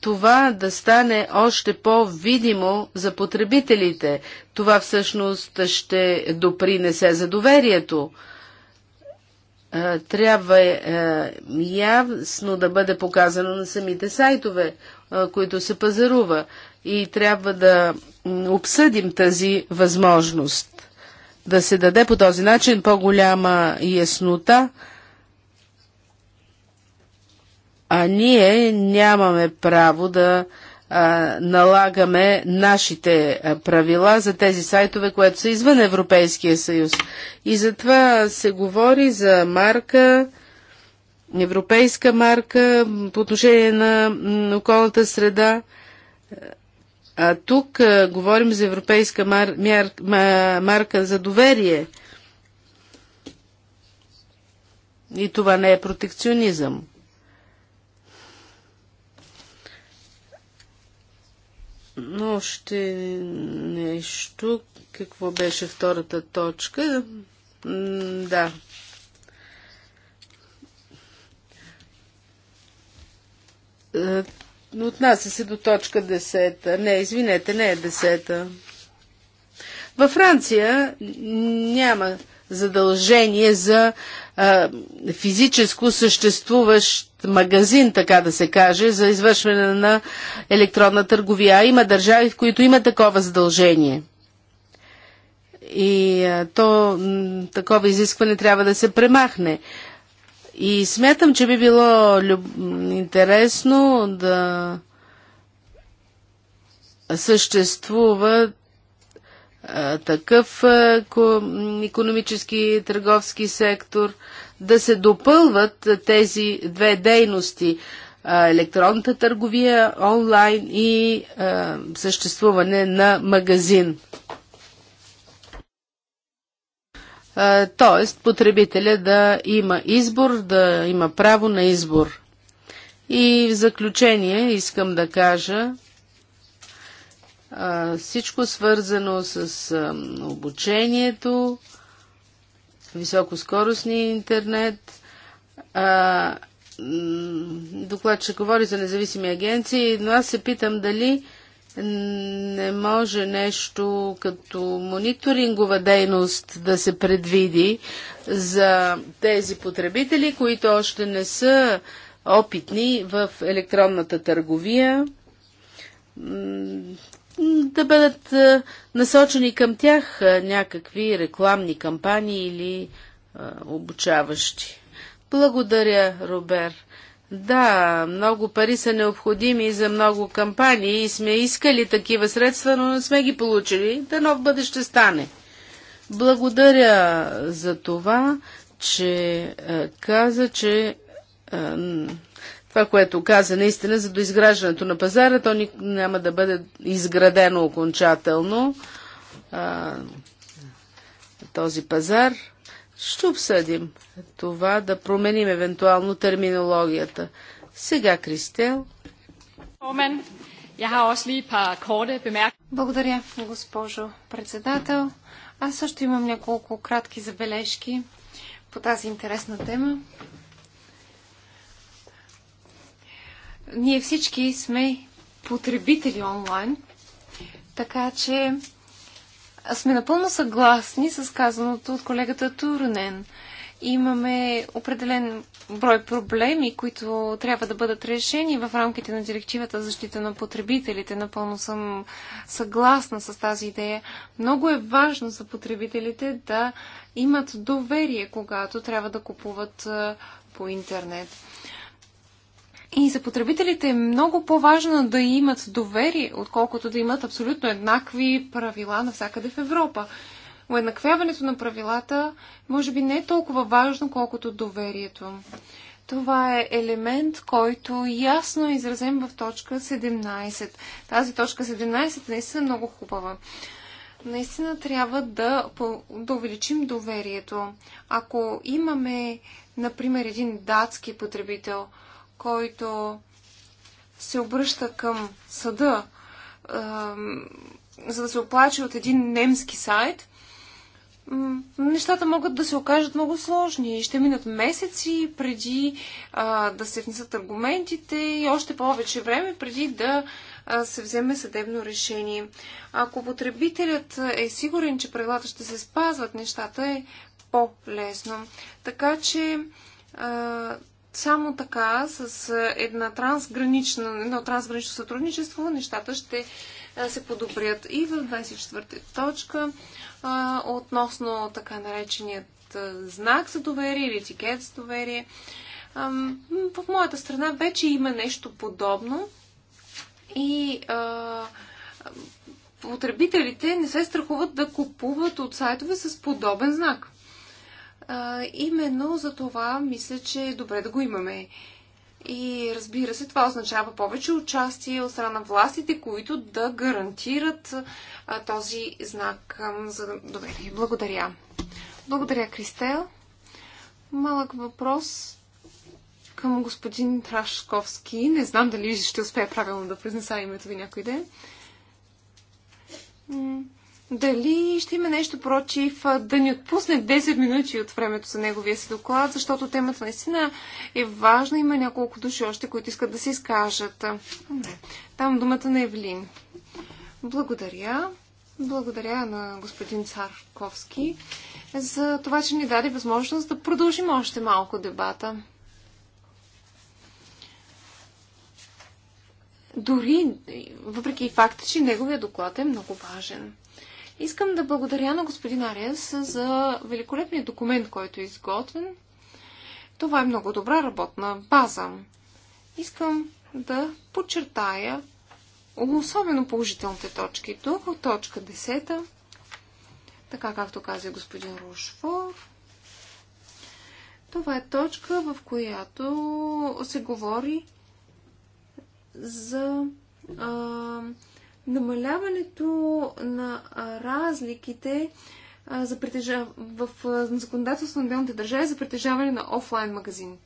това да стане още по-видимо за потребителите. Това всъщност ще допринесе за доверието. Трябва е, е, ясно да бъде показано на самите сайтове, които се пазарува и трябва да обсъдим тази възможност. Да се даде по този начин по-голяма яснота а ние нямаме право да а, налагаме нашите правила за тези сайтове, които са извън Европейския съюз. И затова се говори за марка, европейска марка по отношение на околната среда. А тук а, говорим за европейска мар, мяр, ма, марка за доверие. И това не е протекционизъм. Но още нещо. Какво беше втората точка? да. Е, отнася се до точка 10. Не, извинете, не е 10. Във Франция няма задължение за а, физическо съществуващ магазин, така да се каже, за извършване на електронна търговия. Има държави, в които има такова задължение. И то такова изискване трябва да се премахне. И смятам, че би било люб... интересно да съществува такъв економически търговски сектор, да се допълват тези две дейности електронната търговия онлайн и съществуване на магазин. Т.е. тоест, потребителя да има избор, да има право на избор. И в заключение искам да кажа, всичко свързано с обучението, високоскоростния интернет. А, ще говори за независими агенции, но аз се питам дали не може нещо като мониторингова дейност да се предвиди за тези потребители, които още не са опитни в електронната търговия да бъдат насочени към тях някакви рекламни кампании или обучаващи. Благодаря, Робер. Да, много пари са необходими за много кампании и сме искали такива средства, но не сме ги получили. Да в бъдеще стане. Благодаря за това, че каза, че това, което каза наистина за доизграждането на пазара, то няма да бъде изградено окончателно а, този пазар. Ще обсъдим това, да променим евентуално терминологията. Сега, Кристел. Благодаря, госпожо председател. Аз също имам няколко кратки забележки по тази интересна тема. ние всички сме потребители онлайн, така че сме напълно съгласни с казаното от колегата Турнен. Имаме определен брой проблеми, които трябва да бъдат решени в рамките на директивата за защита на потребителите. Напълно съм съгласна с тази идея. Много е важно за потребителите да имат доверие, когато трябва да купуват по интернет. И за потребителите е много по-важно да имат доверие, отколкото да имат абсолютно еднакви правила навсякъде в Европа. Уеднаквяването на правилата може би не е толкова важно, колкото доверието. Това е елемент, който ясно е изразен в точка 17. Тази точка 17 наистина е много хубава. Наистина трябва да, да увеличим доверието. Ако имаме, например, един датски потребител – който се обръща към съда, за да се оплаче от един немски сайт, нещата могат да се окажат много сложни и ще минат месеци преди а, да се внесат аргументите и още повече време преди да а, се вземе съдебно решение. Ако потребителят е сигурен, че правилата ще се спазват, нещата е по-лесно. Така че а, само така, с една трансгранична, едно трансгранично сътрудничество, нещата ще се подобрят. И в 24 точка относно така нареченият знак за доверие или етикет за доверие. в моята страна вече има нещо подобно и потребителите не се страхуват да купуват от сайтове с подобен знак. А, именно за това мисля, че е добре да го имаме. И разбира се, това означава повече участие от страна на властите, които да гарантират а, този знак а, за доверие. Благодаря. Благодаря, Кристел. Малък въпрос към господин Трашковски. Не знам дали ще успея правилно да произнеса името ви някой ден дали ще има нещо против да ни отпусне 10 минути от времето за неговия си доклад, защото темата наистина е важна. Има няколко души още, които искат да се изкажат. Не. Там думата на Евлин. Благодаря. Благодаря на господин Царковски за това, че ни даде възможност да продължим още малко дебата. Дори, въпреки факта, че неговия доклад е много важен. Искам да благодаря на господин Ариас за великолепния документ, който е изготвен. Това е много добра работна база. Искам да подчертая особено положителните точки. Тук от точка 10, така както каза господин Рушфор, това е точка, в която се говори за а, намаляването на разликите за притежав... в законодателство на отделните държави за притежаване на офлайн магазин.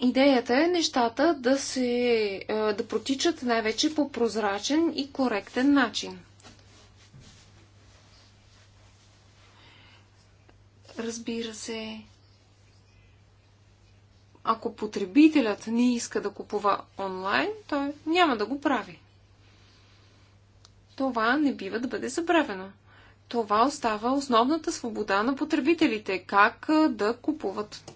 Идеята е нещата да, се, да протичат най-вече по прозрачен и коректен начин. Разбира се, ако потребителят не иска да купува онлайн, той няма да го прави. Това не бива да бъде забравено. Това остава основната свобода на потребителите как да купуват.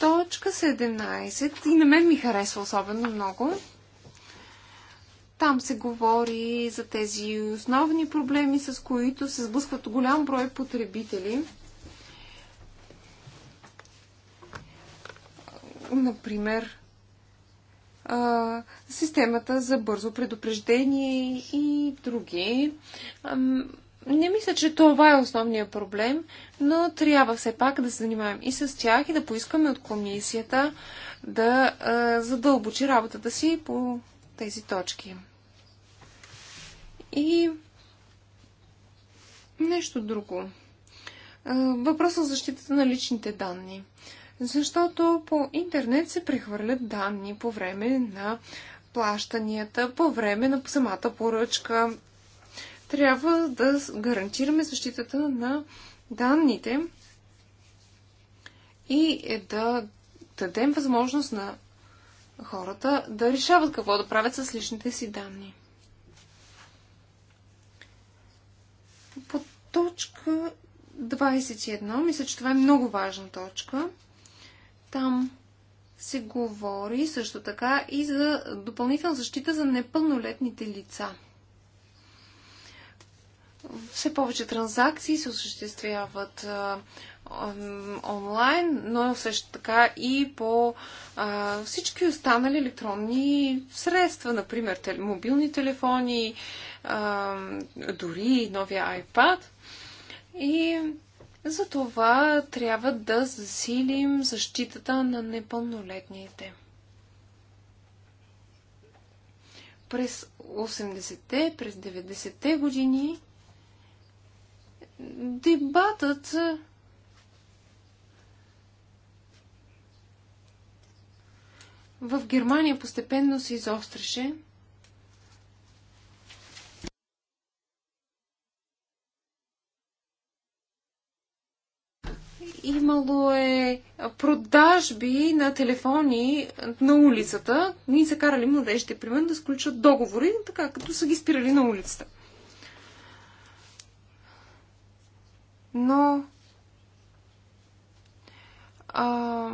Точка 17 и на мен ми харесва особено много. Там се говори за тези основни проблеми, с които се сблъскват голям брой потребители – например, а, системата за бързо предупреждение и други. А, не мисля, че това е основният проблем, но трябва все пак да се занимаваме и с тях и да поискаме от комисията да а, задълбочи работата си по тези точки. И нещо друго. Въпросът за защитата на личните данни защото по интернет се прехвърлят данни по време на плащанията, по време на самата поръчка. Трябва да гарантираме защитата на данните и е да дадем възможност на хората да решават какво да правят с личните си данни. По точка 21, мисля, че това е много важна точка. Там се говори също така и за допълнителна защита за непълнолетните лица. Все повече транзакции се осъществяват а, онлайн, но също така и по а, всички останали електронни средства, например тел, мобилни телефони, а, дори новия iPad. И затова трябва да засилим защитата на непълнолетните. През 80-те, през 90-те години дебатът в Германия постепенно се изостреше – Имало е продажби на телефони на улицата. Ние са карали младежите, при мен, да сключат договори, така като са ги спирали на улицата. Но а,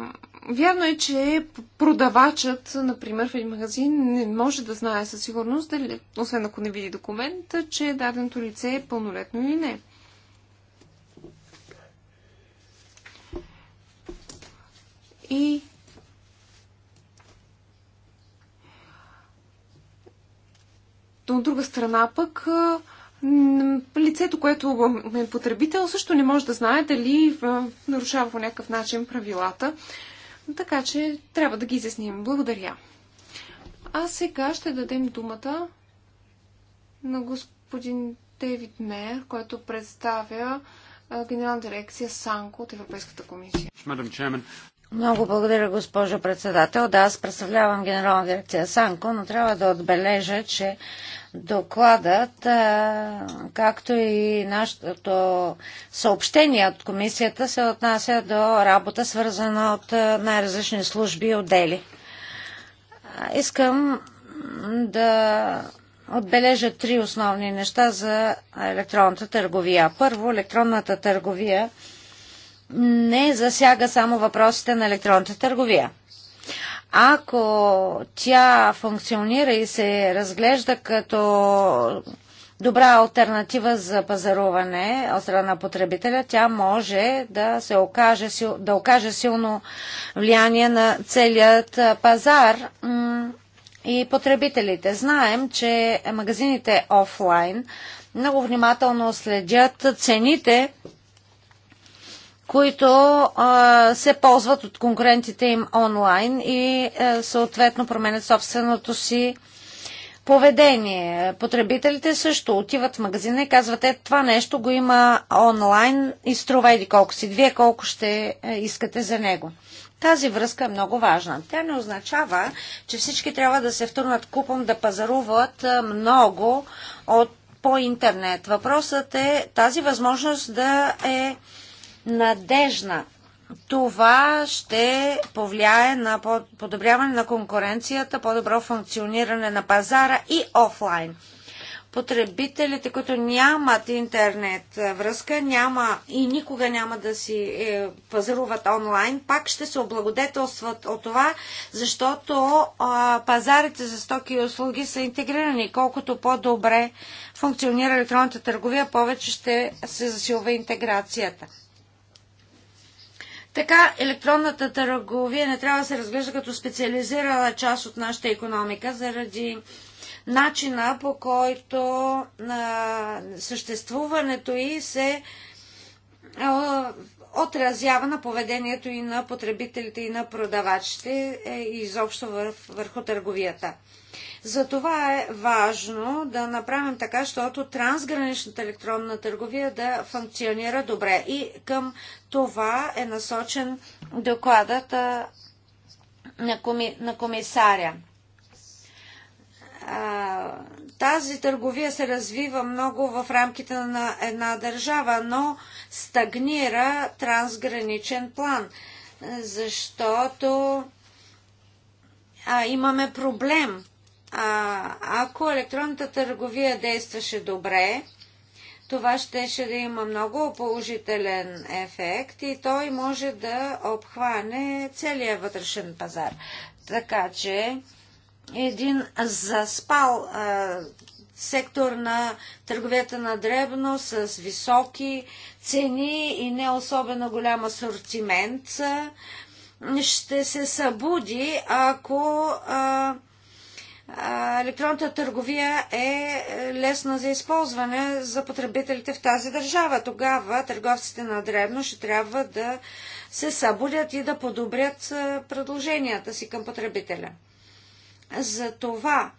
вярно е, че продавачът, например, в един магазин не може да знае със сигурност, дали, освен ако не види документа, че даденото лице е пълнолетно или не. и от друга страна пък лицето, което е потребител, също не може да знае дали нарушава по някакъв начин правилата. Така че трябва да ги изясним. Благодаря. А сега ще дадем думата на господин Девид Мер, който представя Генерална дирекция САНКО от Европейската комисия. Много благодаря, госпожо председател. Да, аз представлявам генерална дирекция Санко, но трябва да отбележа, че докладът, както и нашето съобщение от комисията, се отнася до работа, свързана от най-различни служби и отдели. Искам да отбележа три основни неща за електронната търговия. Първо, електронната търговия – не засяга само въпросите на електронната търговия. Ако тя функционира и се разглежда като добра альтернатива за пазаруване от страна на потребителя, тя може да, се окаже, да окаже силно влияние на целият пазар и потребителите. Знаем, че магазините офлайн много внимателно следят цените които а, се ползват от конкурентите им онлайн и а, съответно променят собственото си поведение. Потребителите също отиват в магазина и казват, е, това нещо го има онлайн и струва еди колко си. Вие колко ще е, искате за него. Тази връзка е много важна. Тя не означава, че всички трябва да се втурнат купом да пазаруват много от по интернет. Въпросът е тази възможност да е надежна. Това ще повлияе на подобряване на конкуренцията, по-добро функциониране на пазара и офлайн. Потребителите, които нямат интернет е, връзка, няма и никога няма да си е, пазаруват онлайн, пак ще се облагодетелстват от това, защото пазарите за стоки и услуги са интегрирани. Колкото по-добре функционира електронната търговия, повече ще се засилва интеграцията. Така електронната търговия не трябва да се разглежда като специализирана част от нашата економика, заради начина по който на съществуването и се отразява на поведението и на потребителите, и на продавачите, и е, изобщо върху търговията. Затова е важно да направим така, защото трансграничната електронна търговия да функционира добре. И към това е насочен докладът на, коми, на комисаря. А, тази търговия се развива много в рамките на една държава, но стагнира трансграничен план, защото а, имаме проблем а, ако електронната търговия действаше добре, това щеше да има много положителен ефект и той може да обхване целия вътрешен пазар. Така че един заспал а, сектор на търговията на дребно с високи цени и не особено голям асортимент ще се събуди, ако а, електронната търговия е, е лесна за използване за потребителите в тази държава. Тогава търговците на дребно ще трябва да се събудят и да подобрят предложенията си към потребителя. За това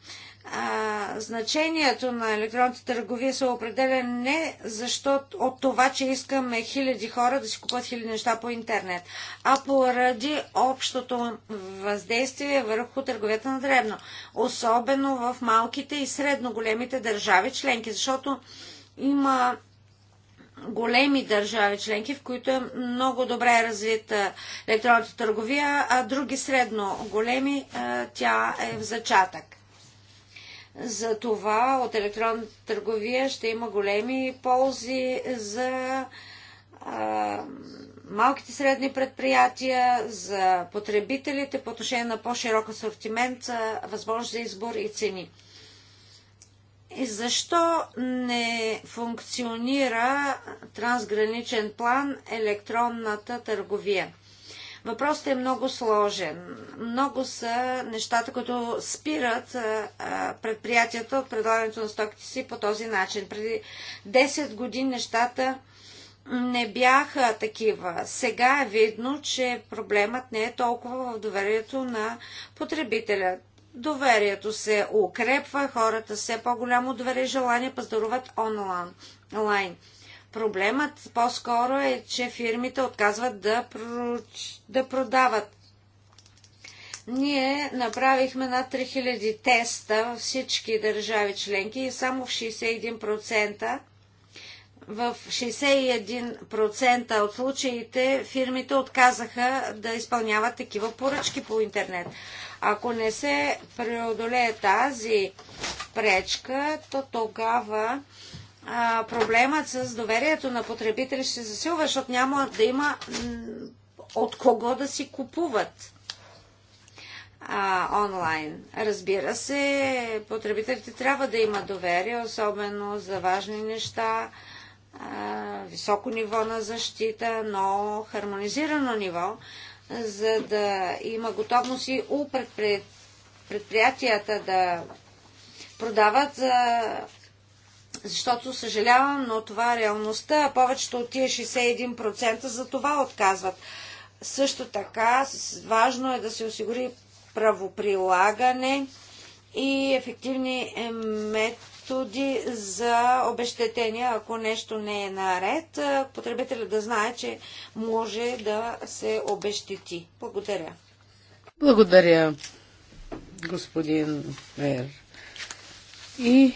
а, значението на електронната търговия се определя не защото от това, че искаме хиляди хора да си купат хиляди неща по интернет, а поради общото въздействие върху търговията на дребно. Особено в малките и средно големите държави членки, защото има големи държави членки, в които е много добре развита електронната търговия, а други средно големи тя е в зачатък. За това от електронната търговия ще има големи ползи за а, малките средни предприятия, за потребителите по отношение на по-широк асортимент, възможност за избор и цени. И защо не функционира трансграничен план електронната търговия? Въпросът е много сложен. Много са нещата, които спират предприятията от предлагането на стоките си по този начин. Преди 10 години нещата не бяха такива. Сега е видно, че проблемът не е толкова в доверието на потребителя. Доверието се укрепва, хората все по-голямо доверие и желание пазаруват онлайн. Проблемът по-скоро е, че фирмите отказват да, проч... да продават. Ние направихме над 3000 теста във всички държави членки и само в 61% в 61% от случаите фирмите отказаха да изпълняват такива поръчки по интернет. Ако не се преодолее тази пречка, то тогава проблемът с доверието на потребители ще се засилва, защото няма да има от кого да си купуват а, онлайн. Разбира се, потребителите трябва да имат доверие, особено за важни неща, а, високо ниво на защита, но хармонизирано ниво, за да има готовност и у предприятията да продават за защото съжалявам, но това е реалността, а повечето от тия 61% за това отказват. Също така важно е да се осигури правоприлагане и ефективни е, методи за обещетения, ако нещо не е наред, потребителя да знае, че може да се обещети. Благодаря. Благодаря, господин Вер. И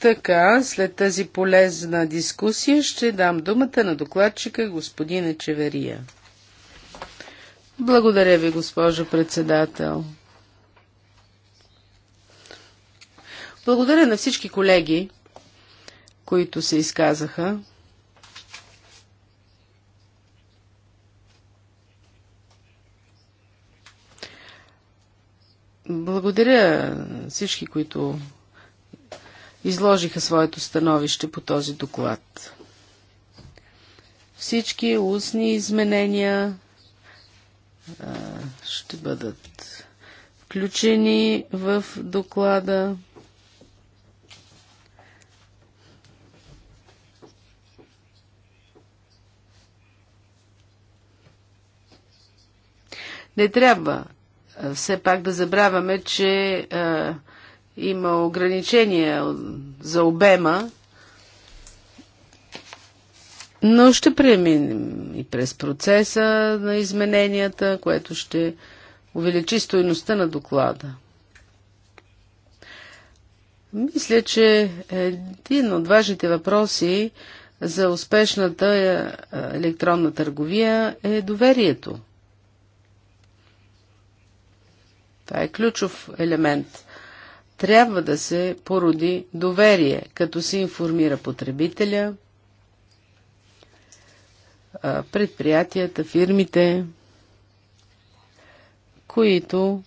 така, след тази полезна дискусия ще дам думата на докладчика господин Чеверия. Благодаря ви, госпожо председател. Благодаря на всички колеги, които се изказаха. Благодаря всички, които изложиха своето становище по този доклад. Всички устни изменения а, ще бъдат включени в доклада. Не трябва все пак да забравяме, че а, има ограничения за обема, но ще преминем и през процеса на измененията, което ще увеличи стоеността на доклада. Мисля, че един от важните въпроси за успешната е, е, електронна търговия е доверието. Това е ключов елемент трябва да се породи доверие, като се информира потребителя, предприятията, фирмите, които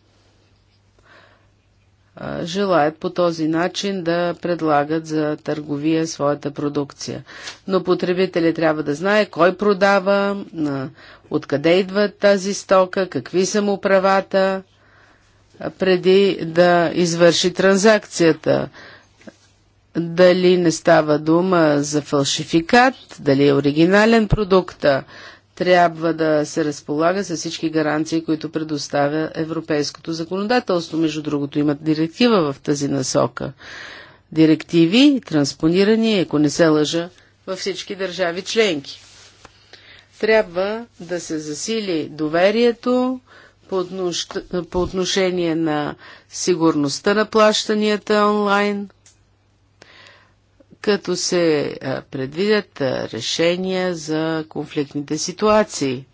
желаят по този начин да предлагат за търговия своята продукция. Но потребителя трябва да знае кой продава, откъде идва тази стока, какви са му правата, преди да извърши транзакцията. Дали не става дума за фалшификат, дали е оригинален продукт, трябва да се разполага с всички гаранции, които предоставя европейското законодателство. Между другото, имат директива в тази насока. Директиви, транспонирани, ако не се лъжа, във всички държави членки. Трябва да се засили доверието, по, отнош... по отношение на сигурността на плащанията онлайн, като се предвидят решения за конфликтните ситуации.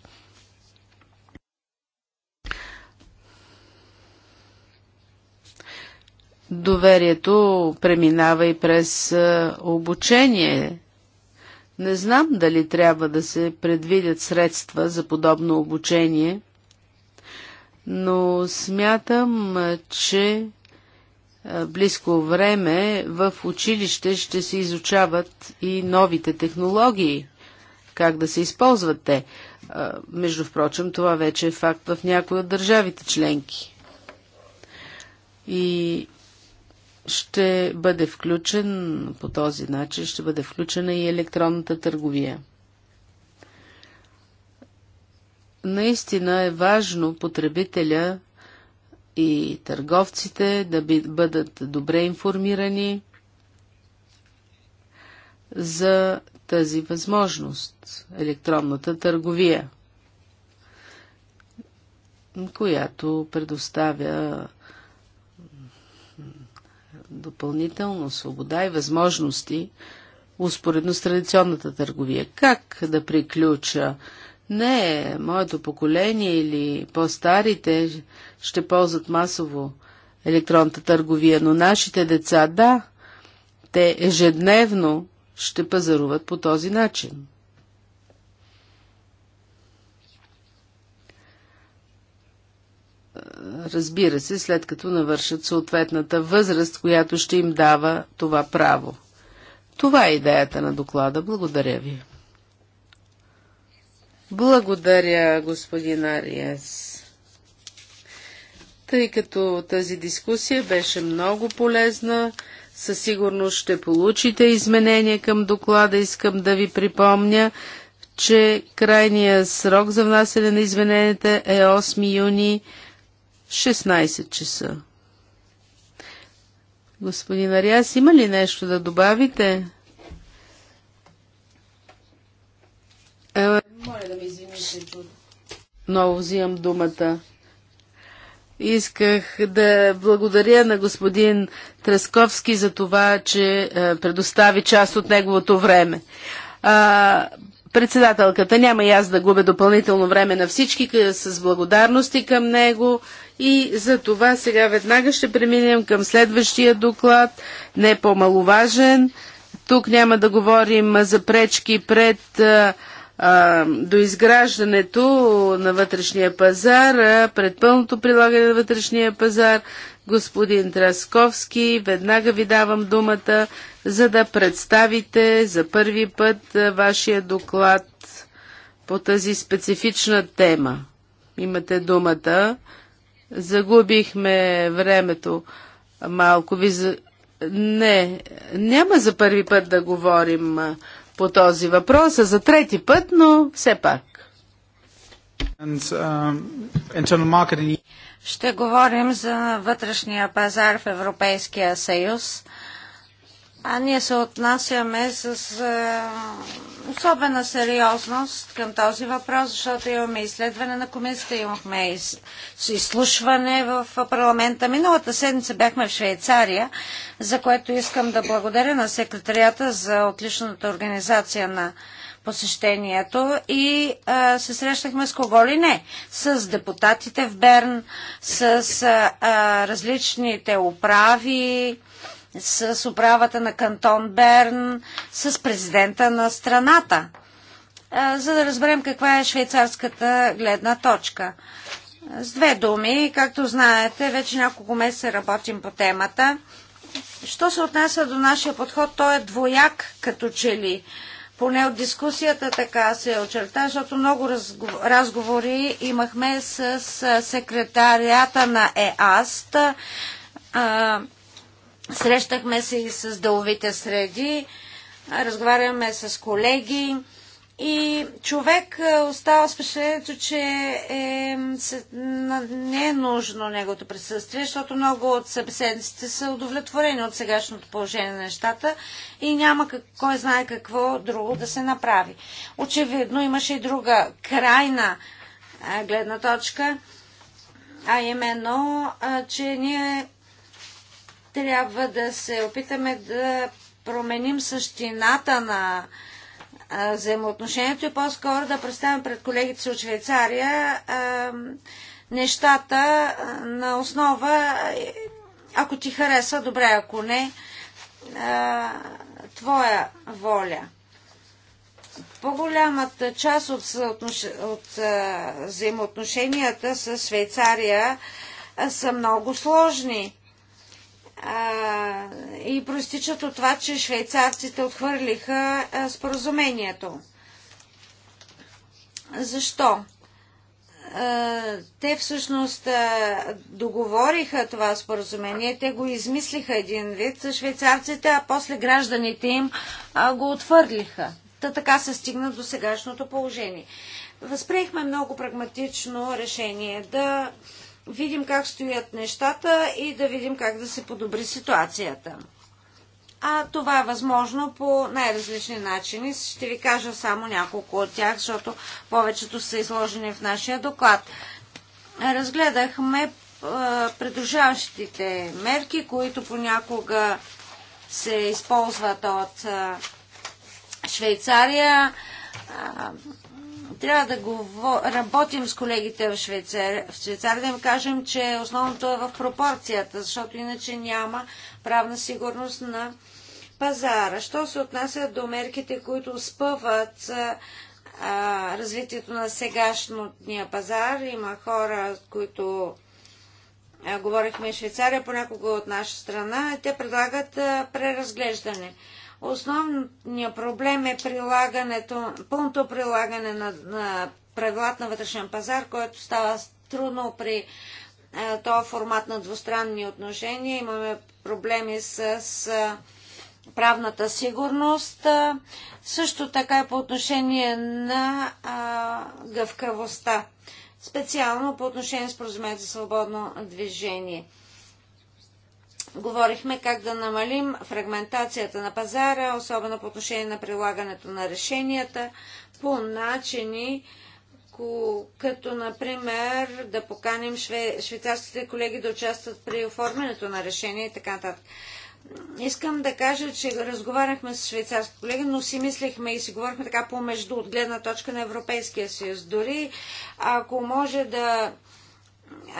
Доверието преминава и през обучение. Не знам дали трябва да се предвидят средства за подобно обучение – но смятам, че близко време в училище ще се изучават и новите технологии, как да се използват те. Между впрочем, това вече е факт в някои от държавите членки. И ще бъде включен по този начин, ще бъде включена и електронната търговия наистина е важно потребителя и търговците да бъдат добре информирани за тази възможност електронната търговия, която предоставя допълнително свобода и възможности успоредно с традиционната търговия. Как да приключа не, моето поколение или по-старите ще ползват масово електронната търговия, но нашите деца, да, те ежедневно ще пазаруват по този начин. Разбира се, след като навършат съответната възраст, която ще им дава това право. Това е идеята на доклада. Благодаря ви. Благодаря, господин Ариес. Тъй като тази дискусия беше много полезна, със сигурност ще получите изменения към доклада. Искам да ви припомня, че крайният срок за внасяне на измененията е 8 юни 16 часа. Господин Ариас, има ли нещо да добавите? Е, да Председателя, извините, Много взимам думата. Исках да благодаря на господин Тресковски за това, че е, предостави част от неговото време. А, председателката, няма и аз да губя допълнително време на всички с благодарности към него и за това сега веднага ще преминем към следващия доклад, не по-маловажен. Тук няма да говорим за пречки пред е, до изграждането на вътрешния пазар, пред пълното прилагане на вътрешния пазар, господин Трасковски, веднага ви давам думата, за да представите за първи път вашия доклад по тази специфична тема. Имате думата. Загубихме времето малко. Ви... Не, няма за първи път да говорим по този въпрос, за трети път, но все пак. Uh, Ще говорим за вътрешния пазар в Европейския съюз. А ние се отнасяме с особена сериозност към този въпрос, защото имаме изследване на комисията, имахме изслушване в парламента. Миналата седмица бяхме в Швейцария, за което искам да благодаря на секретарията за отличната организация на посещението и а, се срещнахме с кого ли не. С депутатите в Берн, с а, а, различните управи, с управата на кантон Берн, с президента на страната, за да разберем каква е швейцарската гледна точка. С две думи, както знаете, вече няколко месеца работим по темата. Що се отнася до нашия подход, той е двояк като че ли. Поне от дискусията така се очерта, защото много разговори имахме с секретарията на ЕАСТ, Срещахме се и с деловите среди, разговаряме с колеги и човек е, остава с впечатлението, че е, се, не е нужно неговото присъствие, защото много от събеседниците са удовлетворени от сегашното положение на нещата и няма как, кой знае какво друго да се направи. Очевидно имаше и друга крайна е, гледна точка, а именно, е, че ние трябва да се опитаме да променим същината на взаимоотношението и по-скоро да представим пред колегите от Швейцария нещата на основа, ако ти хареса, добре, ако не, твоя воля. По-голямата част от, съотнош... от а, взаимоотношенията с Швейцария са много сложни а, и проистичат от това, че швейцарците отхвърлиха а, споразумението. Защо? те всъщност договориха това споразумение, те го измислиха един вид за швейцарците, а после гражданите им го отвърлиха. Та така се стигна до сегашното положение. Възприехме много прагматично решение да видим как стоят нещата и да видим как да се подобри ситуацията. А това е възможно по най-различни начини. Ще ви кажа само няколко от тях, защото повечето са изложени в нашия доклад. Разгледахме е, придружаващите мерки, които понякога се използват от е, Швейцария. Е, трябва да го работим с колегите в Швейцария, в Швейцария да им кажем, че основното е в пропорцията, защото иначе няма правна сигурност на пазара. Що се отнася до мерките, които спъват а, развитието на сегашния пазар, има хора, които а, говорихме в Швейцария, понякога от наша страна, те предлагат а, преразглеждане. Основният проблем е прилагането, пълното прилагане на, на правилата на вътрешен пазар, което става трудно при е, този формат на двустранни отношения. Имаме проблеми с, с е, правната сигурност, е, също така и по отношение на а, гъвкавостта, специално по отношение с споразумението за свободно движение. Говорихме как да намалим фрагментацията на пазара, особено по отношение на прилагането на решенията, по начини, като например да поканим швейцарските колеги да участват при оформянето на решение и така нататък. Искам да кажа, че разговаряхме с швейцарски колеги, но си мислехме и си говорихме така помежду от гледна точка на Европейския съюз. Дори ако може да е,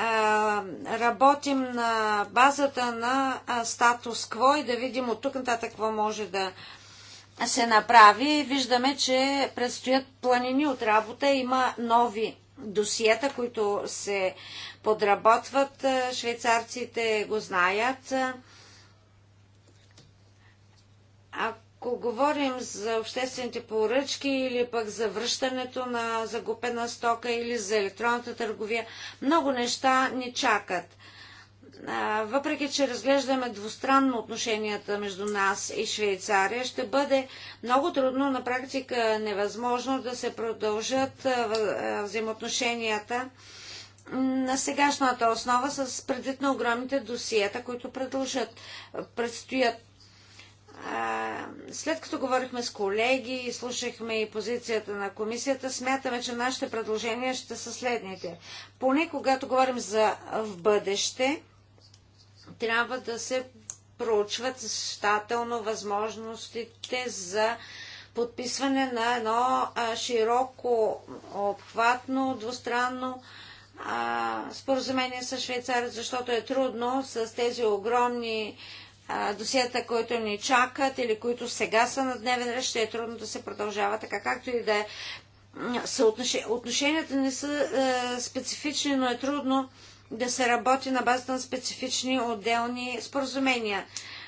работим на базата на статус-кво и да видим от тук нататък какво може да се направи. Виждаме, че предстоят планини от работа. Има нови досиета, които се подработват. Е, швейцарците го знаят. Ако ако говорим за обществените поръчки или пък за връщането на загубена стока или за електронната търговия, много неща ни чакат. Въпреки, че разглеждаме двустранно отношенията между нас и Швейцария, ще бъде много трудно, на практика невъзможно да се продължат взаимоотношенията на сегашната основа с предвид на огромните досиета, които предложат, Предстоят след като говорихме с колеги и слушахме и позицията на комисията, смятаме, че нашите предложения ще са следните. Поне когато говорим за в бъдеще, трябва да се проучват щателно възможностите за подписване на едно широко обхватно двустранно споразумение с Швейцария, защото е трудно с тези огромни досията, които ни чакат или които сега са на дневен ред, ще е трудно да се продължава така, както и да е. Отношенията не са е, специфични, но е трудно да се работи на базата на специфични отделни споразумения.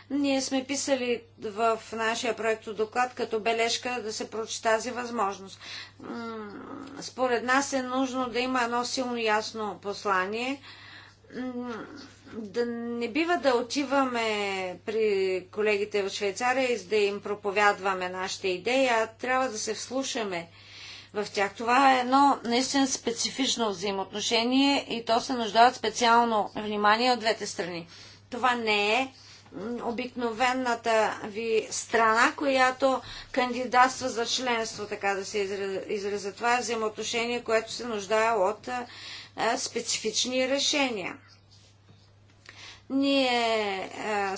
Ние сме писали в нашия проект доклад като бележка да се прочи тази възможност. Според нас е нужно да има едно силно ясно послание да не бива да отиваме при колегите в Швейцария и да им проповядваме нашите идеи, а трябва да се вслушаме в тях. Това е едно наистина специфично взаимоотношение и то се нуждава специално внимание от двете страни. Това не е обикновената ви страна, която кандидатства за членство, така да се изразя. Това е взаимоотношение, което се нуждае от специфични решения. Ние е,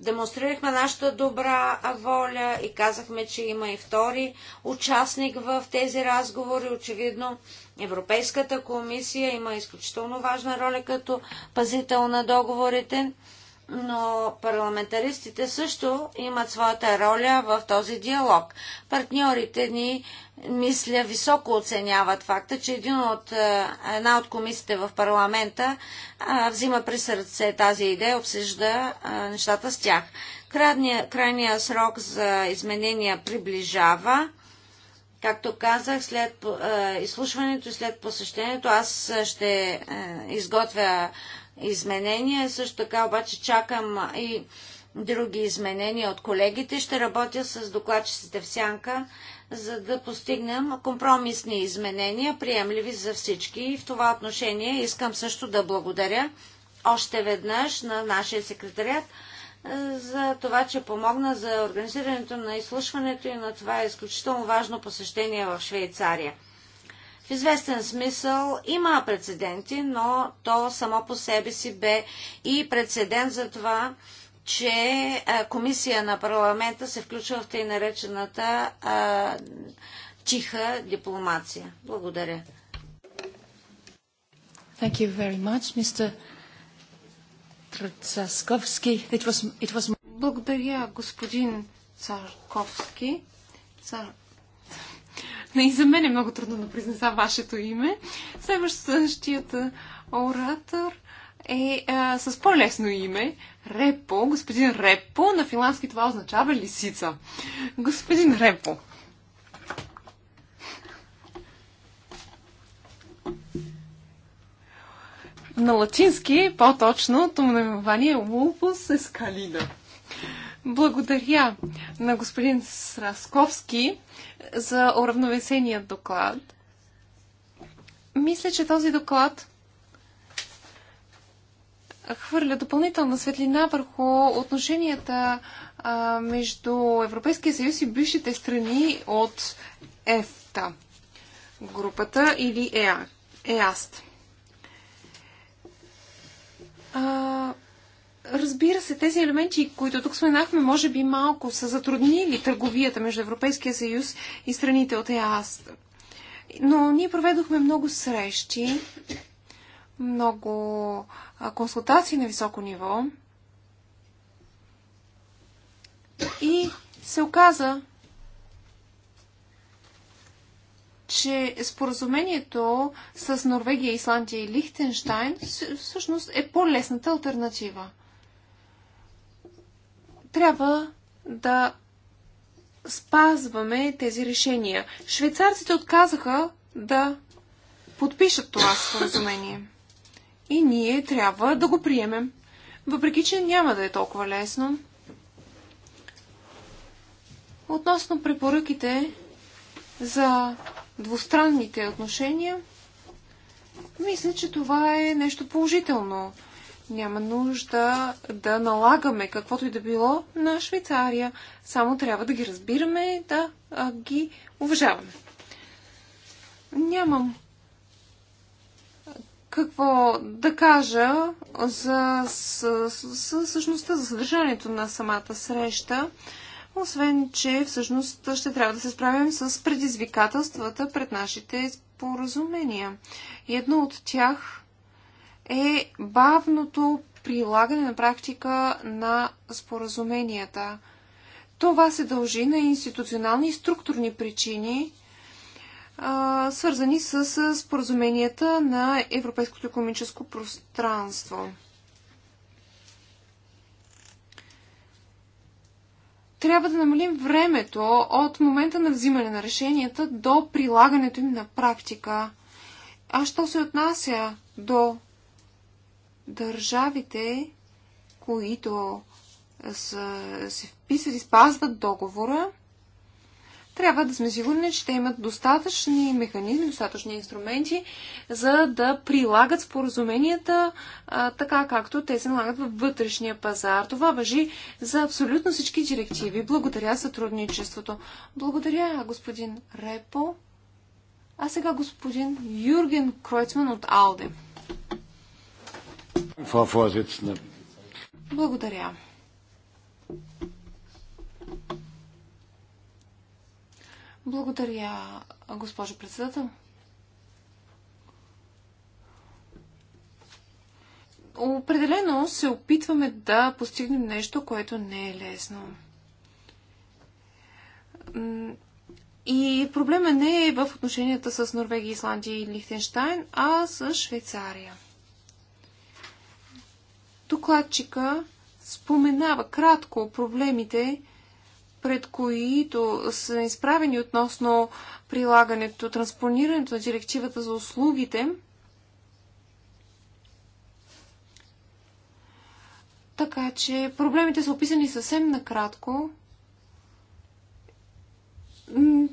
демонстрирахме нашата добра воля и казахме, че има и втори участник в тези разговори. Очевидно, Европейската комисия има изключително важна роля като пазител на договорите, но парламентаристите също имат своята роля в този диалог. Партньорите ни мисля, високо оценяват факта, че един от, е, една от комисиите в парламента е, взима при сърце тази идея, обсъжда е, нещата с тях. Крайния, крайния срок за изменения приближава. Както казах, след изслушването и след посещението аз ще изготвя изменения. Също така обаче чакам и други изменения от колегите. Ще работя с докладчиците в сянка за да постигнем компромисни изменения, приемливи за всички. И в това отношение искам също да благодаря още веднъж на нашия секретарят е, за това, че помогна за организирането на изслушването и на това изключително важно посещение в Швейцария. В известен смисъл има прецеденти, но то само по себе си бе и прецедент за това, че комисия на парламента се включва в тъй наречената а, тиха дипломация. Благодаря. Thank you very much, Mr. Трацасковски. It was, it was... Благодаря, господин Царковски. Цар... Не, и за мен е много трудно да произнеса вашето име. Следващият оратор е а, с по-лесно име. Репо, господин Репо, на финландски това означава лисица. Господин Репо. На латински, по-точно, то наименование е Лупус ескалина. Благодаря на господин Срасковски за уравновесения доклад. Мисля, че този доклад хвърля допълнителна светлина върху отношенията а, между Европейския съюз и бившите страни от ЕФТА, групата или ЕА, ЕАСТ. А, разбира се, тези елементи, които тук споменахме, може би малко са затруднили търговията между Европейския съюз и страните от ЕАСТ. Но ние проведохме много срещи, много консултации на високо ниво и се оказа, че споразумението с Норвегия, Исландия и Лихтенштайн всъщност е по-лесната альтернатива. Трябва да спазваме тези решения. Швейцарците отказаха да подпишат това споразумение и ние трябва да го приемем. Въпреки, че няма да е толкова лесно. Относно препоръките за двустранните отношения, мисля, че това е нещо положително. Няма нужда да налагаме каквото и да било на Швейцария. Само трябва да ги разбираме, да ги уважаваме. Нямам какво да кажа за същността, за съдържанието на самата среща, освен че всъщност ще трябва да се справим с предизвикателствата пред нашите споразумения. И едно от тях е бавното прилагане на практика на споразуменията. Това се дължи на институционални и структурни причини – а, свързани с, споразуменията на Европейското економическо пространство. Трябва да намалим времето от момента на взимане на решенията до прилагането им на практика. А що се отнася до държавите, които са се вписали, спазват договора, трябва да сме сигурни, че те имат достатъчни механизми, достатъчни инструменти, за да прилагат споразуменията а, така, както те се налагат във вътрешния пазар. Това въжи за абсолютно всички директиви. Благодаря сътрудничеството. Благодаря, господин Репо. А сега господин Юрген Кройцман от Алде. Благодаря. Благодаря, госпожо председател. Определено се опитваме да постигнем нещо, което не е лесно. И проблема не е в отношенията с Норвегия, Исландия и Лихтенштайн, а с Швейцария. Докладчика споменава кратко проблемите, пред които са изправени относно прилагането, транспонирането на директивата за услугите, Така че проблемите са описани съвсем накратко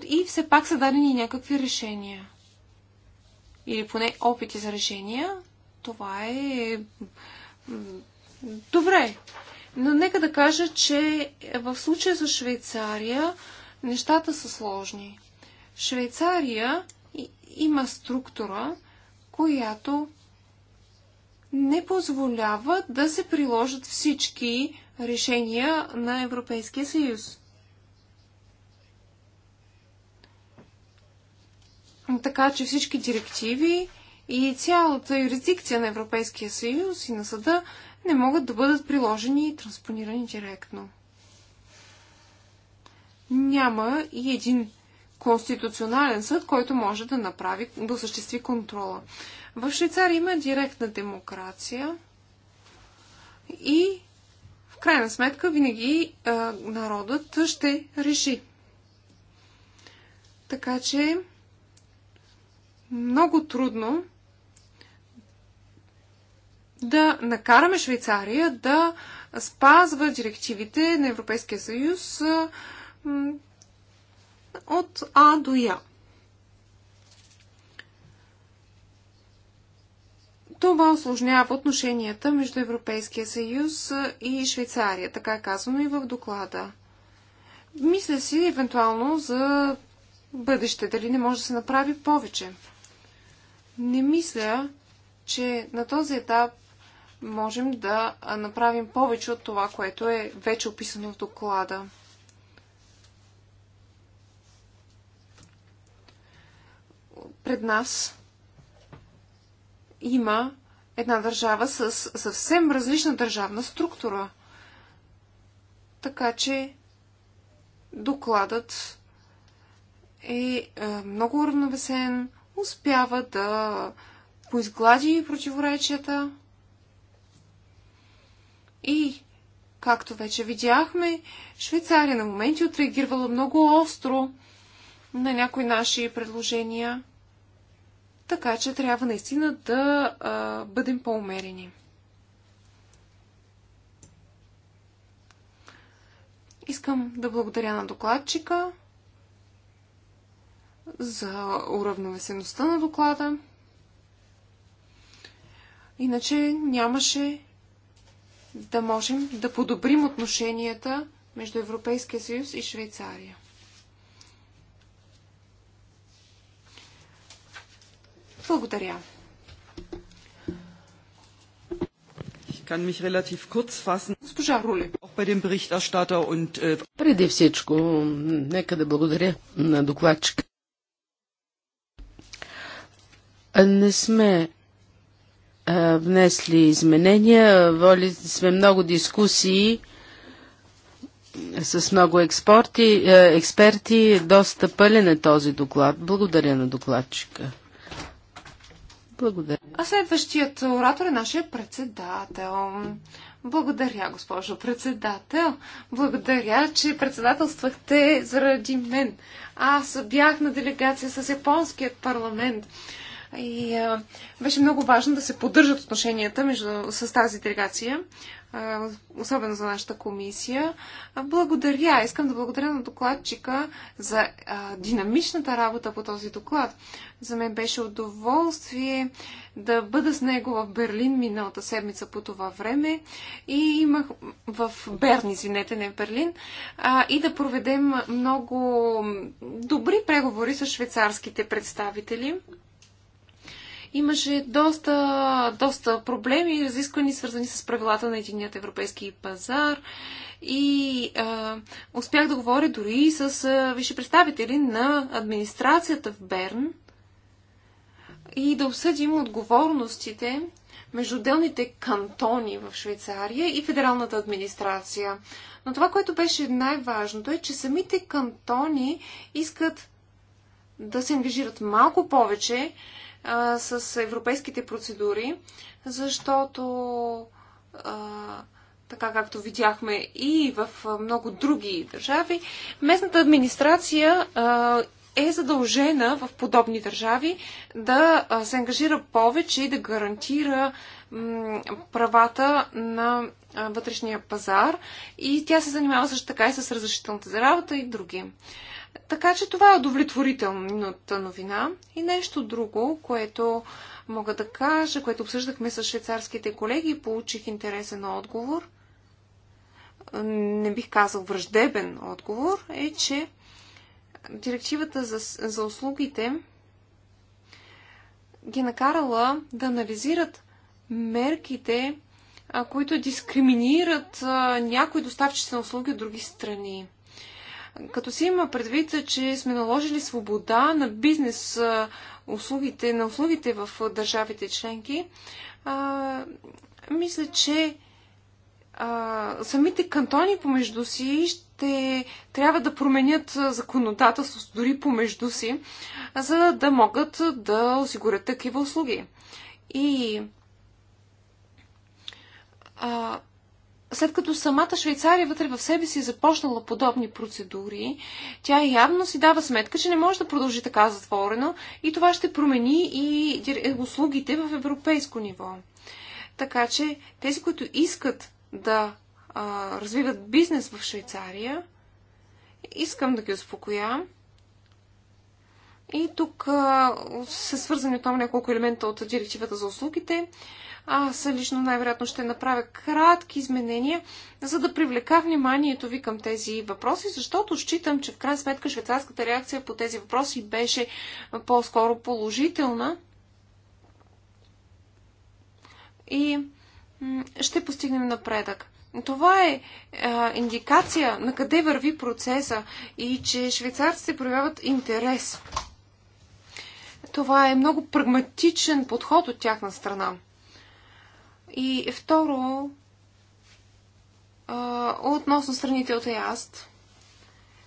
и все пак са дадени някакви решения. Или поне опити за решения. Това е добре. Но нека да кажа, че в случая с Швейцария нещата са сложни. Швейцария има структура, която не позволява да се приложат всички решения на Европейския съюз. Така че всички директиви и цялата юрисдикция на Европейския съюз и на съда не могат да бъдат приложени и транспонирани директно. Няма и един конституционален съд, който може да направи, да осъществи контрола. В Швейцария има директна демокрация и в крайна сметка винаги е, народът ще реши. Така че много трудно да накараме Швейцария да спазва директивите на Европейския съюз от А до Я. Това осложнява отношенията между Европейския съюз и Швейцария, така е казано и в доклада. Мисля си евентуално за бъдеще, дали не може да се направи повече. Не мисля, че на този етап можем да направим повече от това, което е вече описано в доклада. Пред нас има една държава с съвсем различна държавна структура. Така че докладът е, е много уравновесен, успява да поизглади противоречията. И, както вече видяхме, Швейцария на моменти отреагирвала много остро на някои наши предложения. Така че трябва наистина да а, бъдем по-умерени. Искам да благодаря на докладчика за уравновесеността на доклада. Иначе нямаше да можем да подобрим отношенията между Европейския съюз и Швейцария. Благодаря. Госпожа Руле. Äh, Преди всичко, нека да благодаря на докладчика. Не сме е, внесли изменения. Воли сме много дискусии с много експорти, е, експерти. Доста пълен е този доклад. Благодаря на докладчика. Благодаря. А следващият оратор е нашия председател. Благодаря, госпожо председател. Благодаря, че председателствахте заради мен. Аз бях на делегация с Японският парламент. И а, беше много важно да се поддържат отношенията между, с тази делегация, а, особено за нашата комисия. А, благодаря, искам да благодаря на докладчика за а, динамичната работа по този доклад. За мен беше удоволствие да бъда с него в Берлин миналата седмица по това време и имах в Берн, извинете, не в Берлин, а, и да проведем много добри преговори с швейцарските представители имаше доста, доста проблеми разисквани, свързани с правилата на единият европейски пазар. И а, успях да говоря дори с а, висши представители на администрацията в Берн и да обсъдим отговорностите между отделните кантони в Швейцария и федералната администрация. Но това, което беше най-важното е, че самите кантони искат да се ангажират малко повече а, с европейските процедури, защото а, така както видяхме и в много други държави, местната администрация а, е задължена в подобни държави да се ангажира повече и да гарантира правата на вътрешния пазар и тя се занимава също така и с разрешителната за работа и други. Така че това е удовлетворителната новина. И нещо друго, което мога да кажа, което обсъждахме с швейцарските колеги и получих интересен отговор, не бих казал враждебен отговор, е, че директивата за, за услугите ги е накарала да анализират мерките, които дискриминират някои доставчици на услуги от други страни. Като си има предвид, че сме наложили свобода на бизнес услугите, на услугите в държавите членки, а, мисля, че а, самите кантони помежду си ще трябва да променят законодателството дори помежду си, за да могат да осигурят такива услуги. И а, след като самата Швейцария вътре в себе си е започнала подобни процедури, тя явно си дава сметка, че не може да продължи така затворено и това ще промени и е, услугите в европейско ниво. Така че тези, които искат да а, развиват бизнес в Швейцария, искам да ги успокоя. И тук а, се свързани от няколко елемента от директивата за услугите. Аз лично най-вероятно ще направя кратки изменения, за да привлека вниманието ви към тези въпроси, защото считам, че в крайна сметка швейцарската реакция по тези въпроси беше по-скоро положителна. И ще постигнем напредък. Това е а, индикация на къде върви процеса и че швейцарците проявяват интерес. Това е много прагматичен подход от тяхна страна. И второ, относно страните от ЕАСТ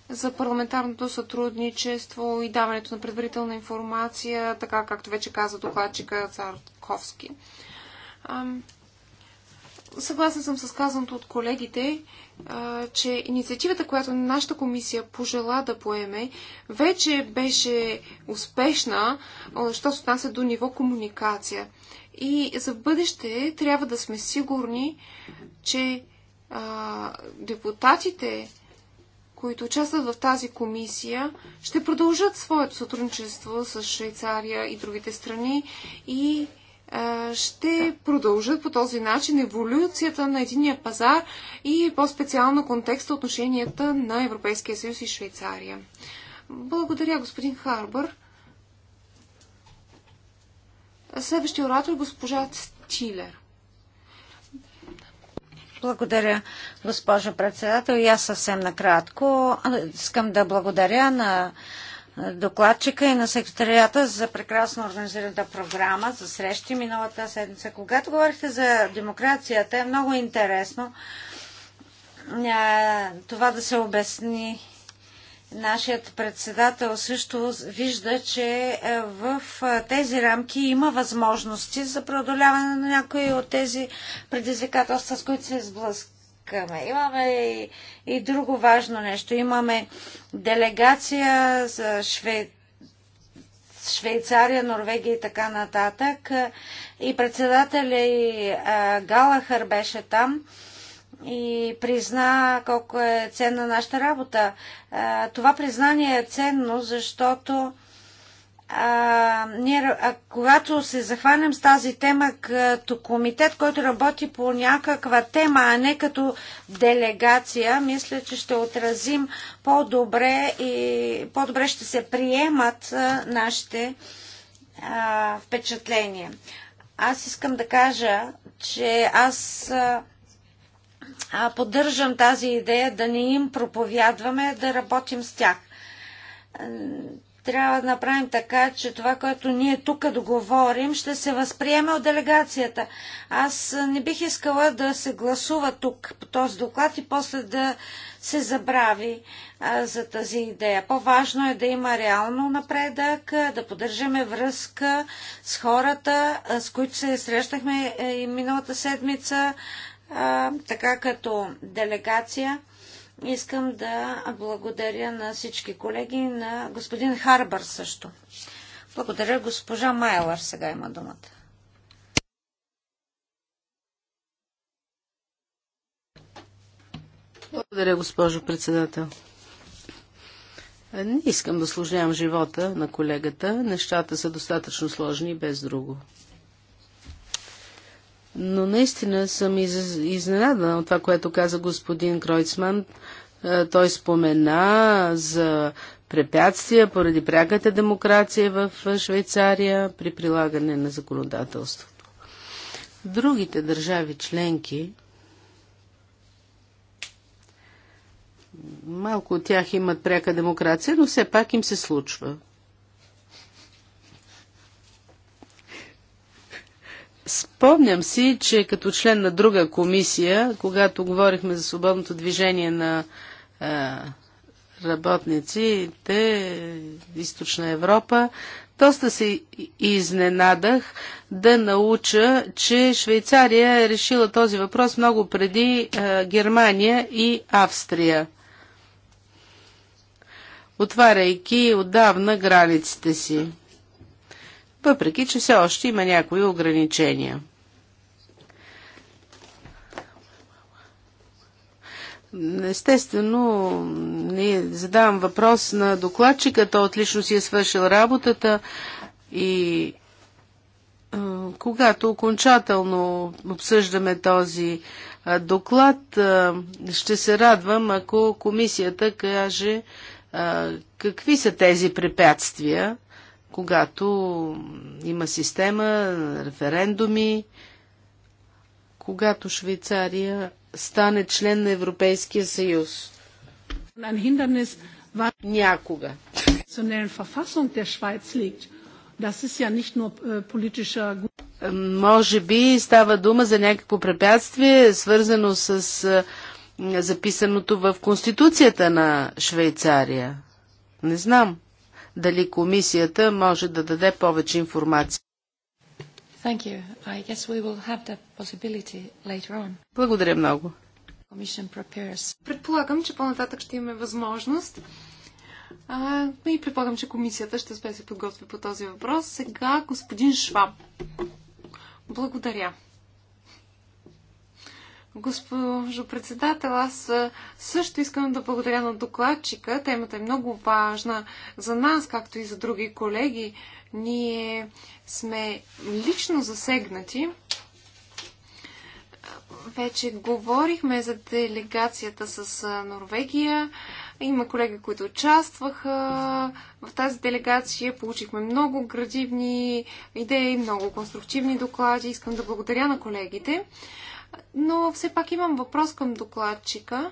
за парламентарното сътрудничество и даването на предварителна информация, така както вече каза докладчика Царковски. Съгласна съм с казаното от колегите че инициативата, която нашата комисия пожела да поеме, вече беше успешна, що се отнася до ниво комуникация. И за бъдеще трябва да сме сигурни, че а, депутатите, които участват в тази комисия, ще продължат своето сътрудничество с Швейцария и другите страни и ще продължат по този начин еволюцията на единия пазар и по-специално контекста отношенията на Европейския съюз и Швейцария. Благодаря, господин Харбър. Следващия оратор е госпожа Стилер. Благодаря, госпожо председател. И аз съвсем накратко искам да благодаря на докладчика и на секретарията за прекрасно организираната програма за срещи миналата седмица. Когато говорихте за демокрацията, е много интересно това да се обясни. Нашият председател също вижда, че е, в е, тези рамки има възможности за преодоляване на някои от тези предизвикателства, с които се сблъскват искаме. Имаме и, и друго важно нещо. Имаме делегация за Швед... Швейцария, Норвегия и така нататък. И председателя и Галахър беше там и призна колко е ценна нашата работа. Това признание е ценно, защото а, ние, а, когато се захванем с тази тема като комитет, който работи по някаква тема, а не като делегация, мисля, че ще отразим по-добре и по-добре ще се приемат а, нашите а, впечатления. Аз искам да кажа, че аз а, а, поддържам тази идея да не им проповядваме, да работим с тях трябва да направим така, че това, което ние тук договорим, ще се възприеме от делегацията. Аз не бих искала да се гласува тук по този доклад и после да се забрави а, за тази идея. По-важно е да има реално напредък, да поддържаме връзка с хората, с които се срещахме е, и миналата седмица, а, така като делегация. Искам да благодаря на всички колеги, на господин Харбър също. Благодаря. Госпожа Майлар сега има думата. Благодаря, госпожо председател. Не искам да служнявам живота на колегата. Нещата са достатъчно сложни без друго. Но наистина съм из, изненадана от това, което каза господин Кройцман. Е, той спомена за препятствия поради пряката демокрация в Швейцария при прилагане на законодателството. Другите държави членки, малко от тях имат пряка демокрация, но все пак им се случва Спомням си, че като член на друга комисия, когато говорихме за свободното движение на а, работниците, източна Европа, доста се изненадах да науча, че Швейцария е решила този въпрос много преди а, Германия и Австрия, отваряйки отдавна границите си въпреки че все още има някои ограничения. Естествено, не задавам въпрос на докладчика, той отлично си е свършил работата и когато окончателно обсъждаме този доклад, ще се радвам, ако комисията каже какви са тези препятствия когато има система, референдуми, когато Швейцария стане член на Европейския съюз. Някога. Äh, Може би става дума за някакво препятствие, свързано с записаното в Конституцията на Швейцария. Не знам дали комисията може да даде повече информация. Благодаря много. Предполагам, че по-нататък ще имаме възможност. А, и предполагам, че комисията ще успее се подготви по този въпрос. Сега господин Шваб. Благодаря. Госпожо председател, аз също искам да благодаря на докладчика. Темата е много важна за нас, както и за други колеги. Ние сме лично засегнати. Вече говорихме за делегацията с Норвегия. Има колеги, които участваха в тази делегация. Получихме много градивни идеи, много конструктивни доклади. Искам да благодаря на колегите. Но все пак имам въпрос към докладчика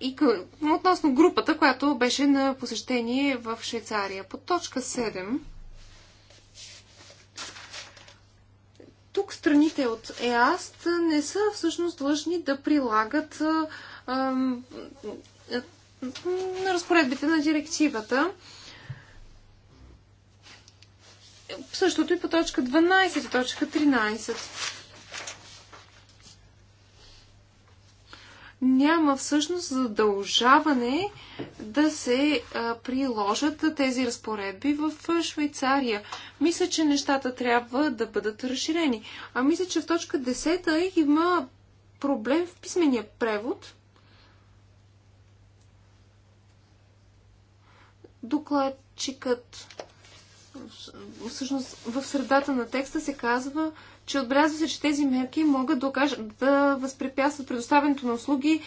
и към, относно групата, която беше на посещение в Швейцария. По точка 7 тук страните от ЕАСТ не са всъщност длъжни да прилагат на разпоредбите на директивата. Същото и по точка 12 и точка 13. няма всъщност задължаване да се приложат тези разпоредби в Швейцария. Мисля, че нещата трябва да бъдат разширени. А мисля, че в точка 10 има проблем в писмения превод. Докладчикът всъщност в средата на текста се казва че отбелязва се, че тези мерки могат да, окажат, да възпрепятстват предоставянето на услуги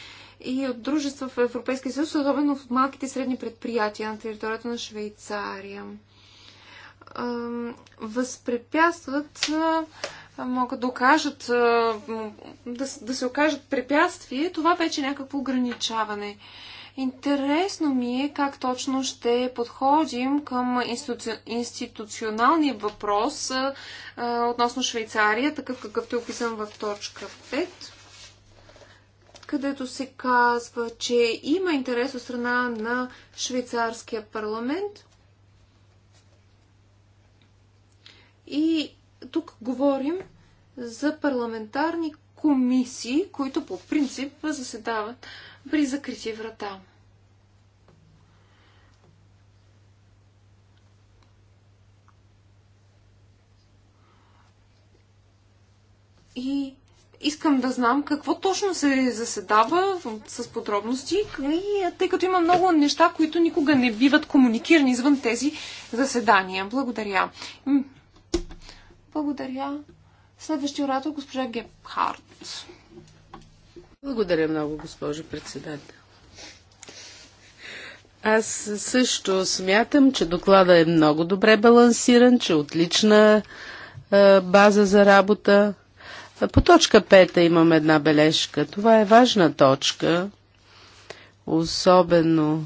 и от дружества в Европейския съюз, особено в малките и средни предприятия на територията на Швейцария. Възпрепятстват, могат да окажат, да, да се окажат препятствие, това вече е някакво ограничаване. Интересно ми е как точно ще подходим към институци... институционалния въпрос а, относно Швейцария, такъв какъвто е описан в точка 5 където се казва, че има интерес от страна на швейцарския парламент. И тук говорим за парламентарни комисии, които по принцип заседават при закрити врата. И искам да знам какво точно се заседава с подробности, е, тъй като има много неща, които никога не биват комуникирани извън тези заседания. Благодаря. Благодаря. Следващия оратор, госпожа Гепхарт. Благодаря много, госпожо председател. Аз също смятам, че доклада е много добре балансиран, че отлична база за работа. По точка 5 имам една бележка. Това е важна точка, особено,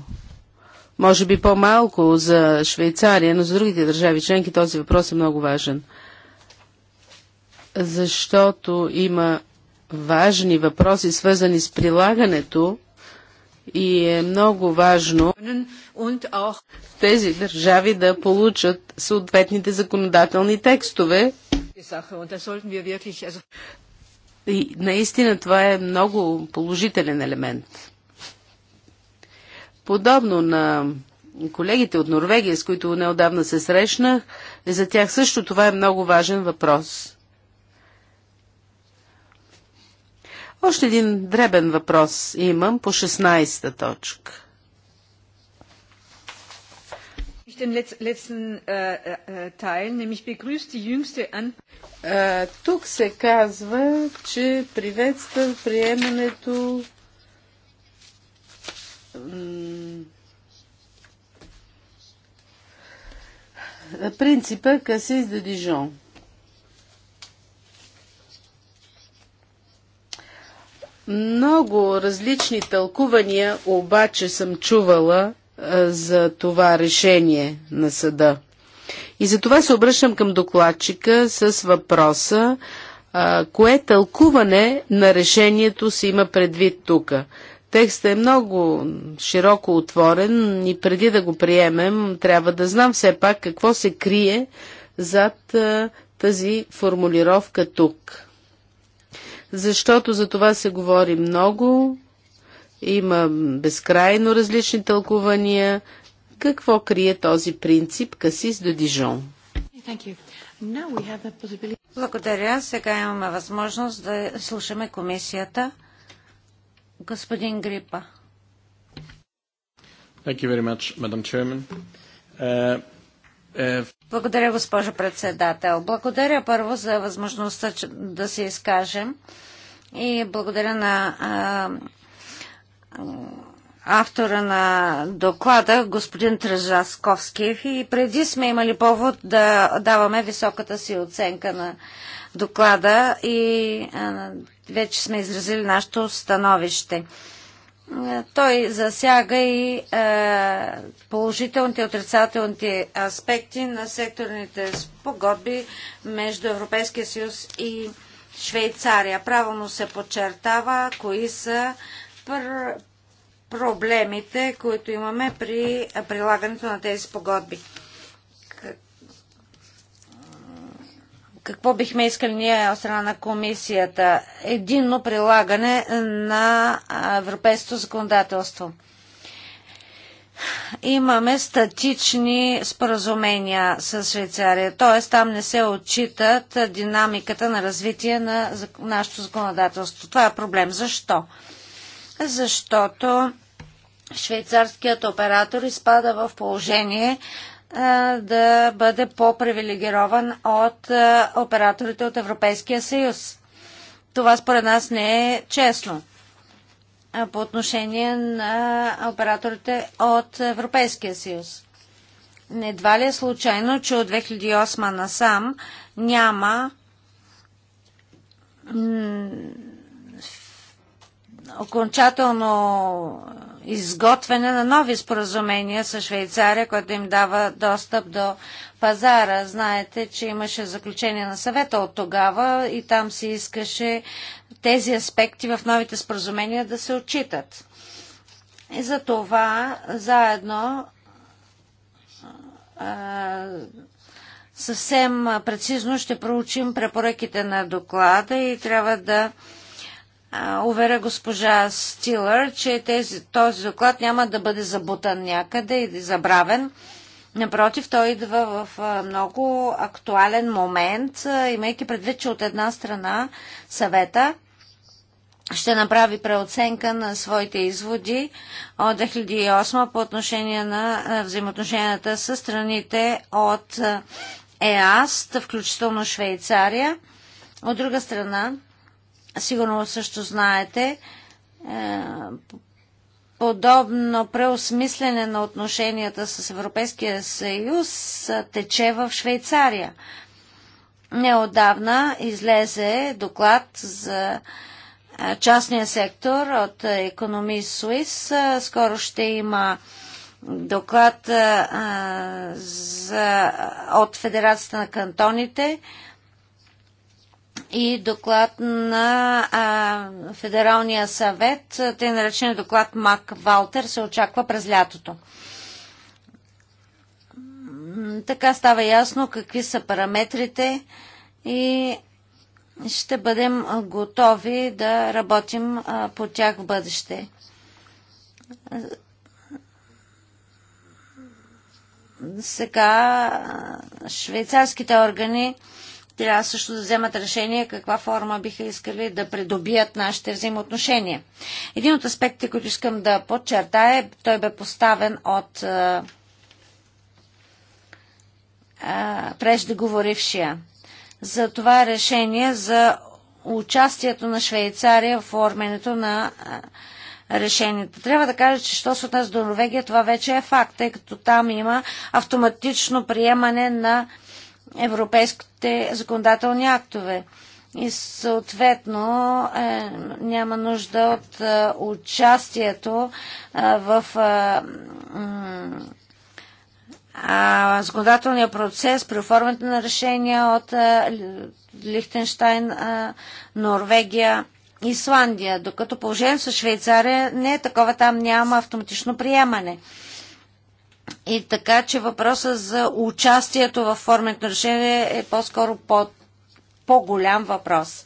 може би по-малко за Швейцария, но за другите държави членки този въпрос е много важен. Защото има важни въпроси, свързани с прилагането и е много важно тези държави да получат съответните законодателни текстове, и наистина това е много положителен елемент. Подобно на колегите от Норвегия, с които неодавна се срещнах, е за тях също това е много важен въпрос. Още един дребен въпрос имам по 16-та точка. den letzten äh, äh, äh, Teil, nämlich begrüßt die jüngste an... Е, тук се казва, че приветства приемането принципа Касис де Дижон. Много различни тълкувания обаче съм чувала е, за това решение на съда. И за това се обръщам към докладчика с въпроса, е, кое тълкуване на решението се има предвид тук. Текстът е много широко отворен и преди да го приемем, трябва да знам все пак какво се крие зад е, тази формулировка тук. Защото за това се говори много, има безкрайно различни тълкувания. Какво крие този принцип Касис до Дижон? Благодаря. Сега имаме възможност да слушаме комисията. Господин Грипа. Much, uh, uh, Благодаря, госпожо председател. Благодаря първо за възможността да се изкажем и благодаря на uh, автора на доклада, господин Тръжасковски. И преди сме имали повод да даваме високата си оценка на доклада и вече сме изразили нашето становище. Той засяга и положителните и отрицателните аспекти на секторните спогодби между Европейския съюз и Швейцария. Правилно се подчертава кои са пр- проблемите, които имаме при прилагането на тези спогодби. Какво бихме искали ние от страна на комисията? Единно прилагане на европейското законодателство имаме статични споразумения с Швейцария, т.е. там не се отчитат динамиката на развитие на нашето законодателство. Това е проблем. Защо? защото швейцарският оператор изпада в положение да бъде по-привилегирован от операторите от Европейския съюз. Това според нас не е честно по отношение на операторите от Европейския съюз. Недва ли е случайно, че от 2008 насам няма окончателно изготвяне на нови споразумения с Швейцария, което им дава достъп до пазара. Знаете, че имаше заключение на съвета от тогава и там се искаше тези аспекти в новите споразумения да се отчитат. И за това заедно а, съвсем прецизно ще проучим препоръките на доклада и трябва да уверя госпожа Стилър, че тези, този доклад няма да бъде забутан някъде или забравен. Напротив, той идва в много актуален момент, имайки предвид, че от една страна съвета ще направи преоценка на своите изводи от 2008 по отношение на взаимоотношенията с страните от ЕАСТ, включително Швейцария. От друга страна, Сигурно също знаете, е, подобно преосмислене на отношенията с Европейския съюз тече в Швейцария. Неодавна излезе доклад за частния сектор от Economist Suisse. Скоро ще има доклад за, от Федерацията на кантоните и доклад на а, Федералния съвет, тъй наречен доклад Мак Валтер, се очаква през лятото. Така става ясно какви са параметрите и ще бъдем готови да работим а, по тях в бъдеще. Сега швейцарските органи трябва също да вземат решение каква форма биха искали да придобият нашите взаимоотношения. Един от аспектите, които искам да подчертая, е, той бе поставен от а, а, преждеговорившия. За това решение за участието на Швейцария в оформянето на решението. Трябва да кажа, че що се отнася до Норвегия, това вече е факт, тъй като там има автоматично приемане на а, европейските законодателни актове. И съответно е, няма нужда от е, участието е, в е, законодателния процес при оформянето на решения от е, Лихтенштайн, е, Норвегия, Исландия, докато положението с Швейцария не е такова, там няма автоматично приемане. И така, че въпросът за участието в формето на решение е по-скоро по- скоро по голям въпрос.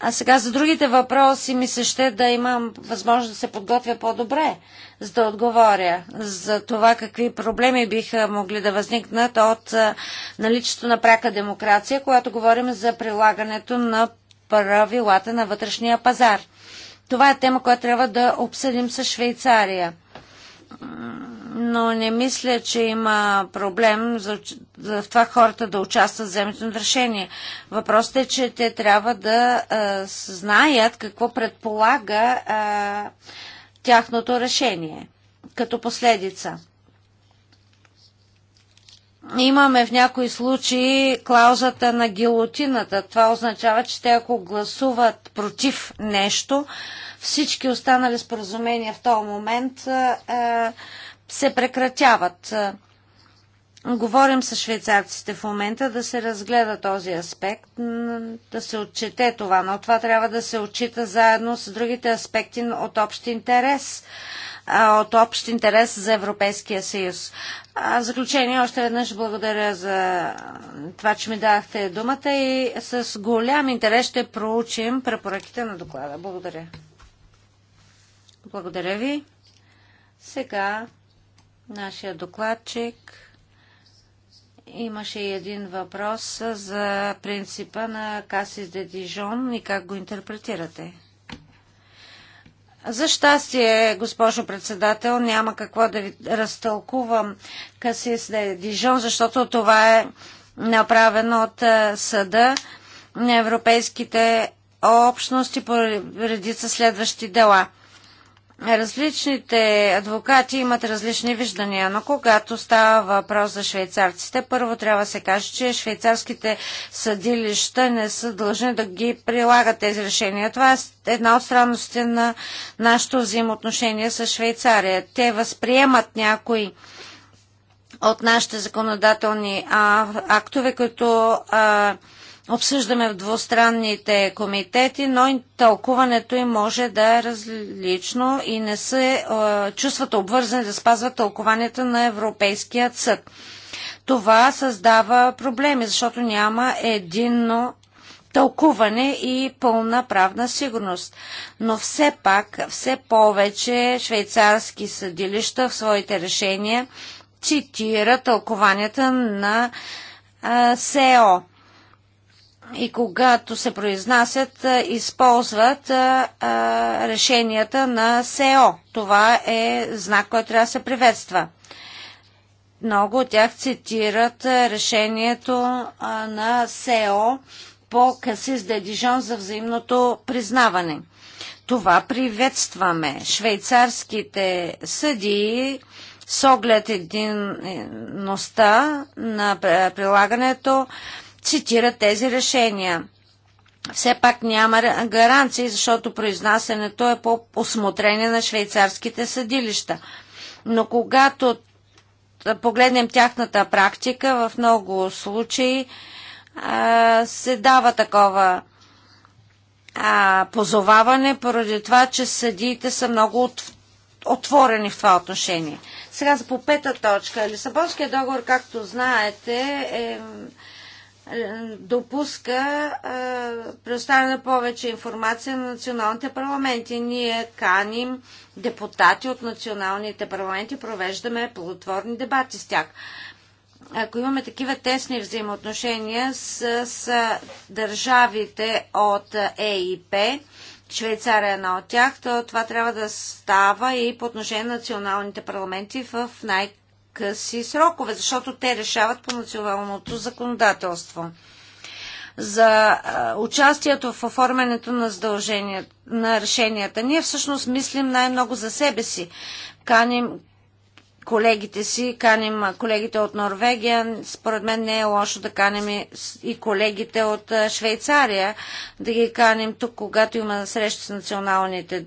А сега за другите въпроси ми се ще да имам възможност да се подготвя по-добре, за да отговоря за това какви проблеми биха могли да възникнат от наличието на пряка демокрация, когато говорим за прилагането на правилата на вътрешния пазар. Това е тема, която трябва да обсъдим с Швейцария но не мисля, че има проблем за, за в това хората да участват в вземането на решение. Въпросът е, че те трябва да а, знаят какво предполага а, тяхното решение като последица. Имаме в някои случаи клаузата на гилотината. Това означава, че те ако гласуват против нещо, всички останали споразумения в този момент се прекратяват. Е, говорим с швейцарците в момента да се разгледа този аспект, да се отчете това, но това трябва да се отчита заедно с другите аспекти от общ интерес, от общ интерес за Европейския съюз. В заключение, още веднъж благодаря за това, че ми дадахте думата и с голям интерес ще проучим препоръките на доклада. Благодаря. Благодаря ви. Сега нашия докладчик. Имаше и един въпрос за принципа на Касис де Дижон и как го интерпретирате. За щастие, госпожо председател, няма какво да ви разтълкувам Касис де Дижон, защото това е направено от е, съда на европейските общности по редица следващи дела – различните адвокати имат различни виждания, но когато става въпрос за швейцарците, първо трябва да се каже, че швейцарските съдилища не са длъжни да ги прилагат тези решения. Това е една от странностите на нашето взаимоотношение с Швейцария. Те възприемат някои от нашите законодателни а, актове, които а, обсъждаме в двустранните комитети, но тълкуването им може да е различно и не се е, чувстват обвързани да спазват тълкуванията на Европейският съд. Това създава проблеми, защото няма единно тълкуване и пълна правна сигурност. Но все пак, все повече швейцарски съдилища в своите решения цитира тълкованията на а, и когато се произнасят, използват а, решенията на СЕО. Това е знак, който трябва да се приветства. Много от тях цитират решението на СЕО по Касис де Дижон за взаимното признаване. Това приветстваме. Швейцарските съдии с оглед единността на прилагането цитира тези решения. Все пак няма гаранции, защото произнасянето е по осмотрение на швейцарските съдилища. Но когато погледнем тяхната практика, в много случаи се дава такова а, позоваване, поради това, че съдиите са много от, отворени в това отношение. Сега за по пета точка. Лисабонския договор, както знаете, е е, допуска е, предоставяне повече информация на националните парламенти. Ние каним депутати от националните парламенти, провеждаме плодотворни дебати с тях. Ако имаме такива тесни взаимоотношения с, с държавите от ЕИП, Швейцария е една от тях, то това трябва да става и по отношение на националните парламенти в най- къси срокове, защото те решават по националното законодателство. За участието в оформянето на, на решенията. Ние всъщност мислим най-много за себе си. Каним колегите си, каним колегите от Норвегия. Според мен не е лошо да каним и колегите от Швейцария, да ги каним тук, когато има среща с националните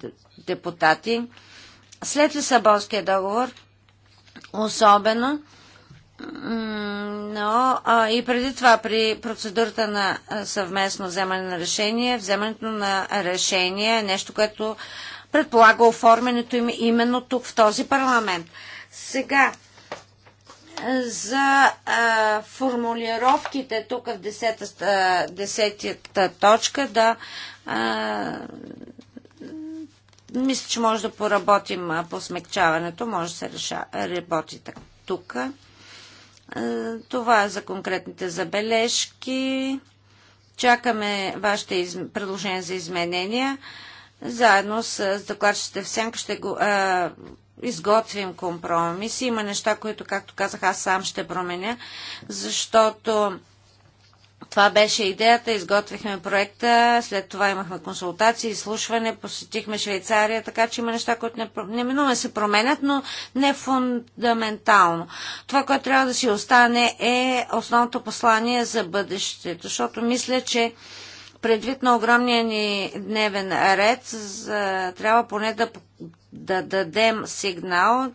депутати. След Лисабонския договор – особено. Но а, и преди това при процедурата на съвместно вземане на решение, вземането на решение е нещо, което предполага оформянето им именно тук в този парламент. Сега, за а, формулировките тук в 10-та точка да а, мисля, че може да поработим по смягчаването, може да се реша, работи тук. Това е за конкретните забележки. Чакаме вашите из... предложения за изменения. Заедно с докладчите в сянка ще го а, изготвим компромис. Има неща, които, както казах, аз сам ще променя, защото това беше идеята, изготвихме проекта, след това имахме консултации, изслушване, посетихме Швейцария, така че има неща, които не, неминуемо се променят, но не фундаментално. Това, което трябва да си остане е основното послание за бъдещето, защото мисля, че предвид на огромния ни дневен ред, трябва поне да, да дадем сигнал,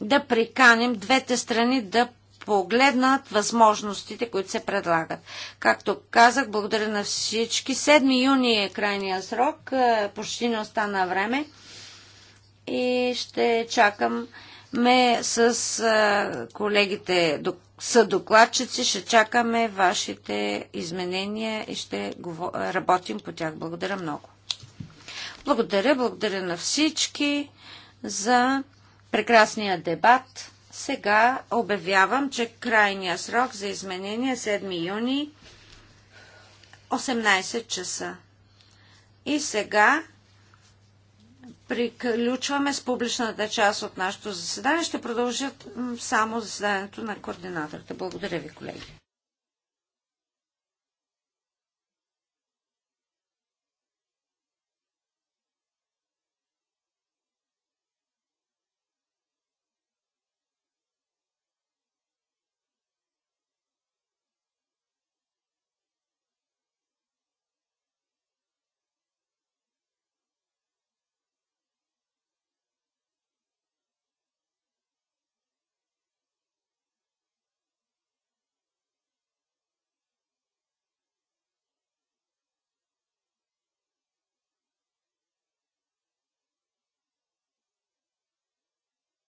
да приканим двете страни да погледнат възможностите, които се предлагат. Както казах, благодаря на всички. 7 юни е крайния срок, е, почти не остана време и ще чакам ме с е, колегите са докладчици. ще чакаме вашите изменения и ще работим по тях. Благодаря много. Благодаря, благодаря на всички за прекрасния дебат. Сега обявявам, че крайният срок за изменение е 7 юни 18 часа. И сега приключваме с публичната част от нашето заседание. Ще продължат само заседанието на координаторите. Благодаря ви, колеги.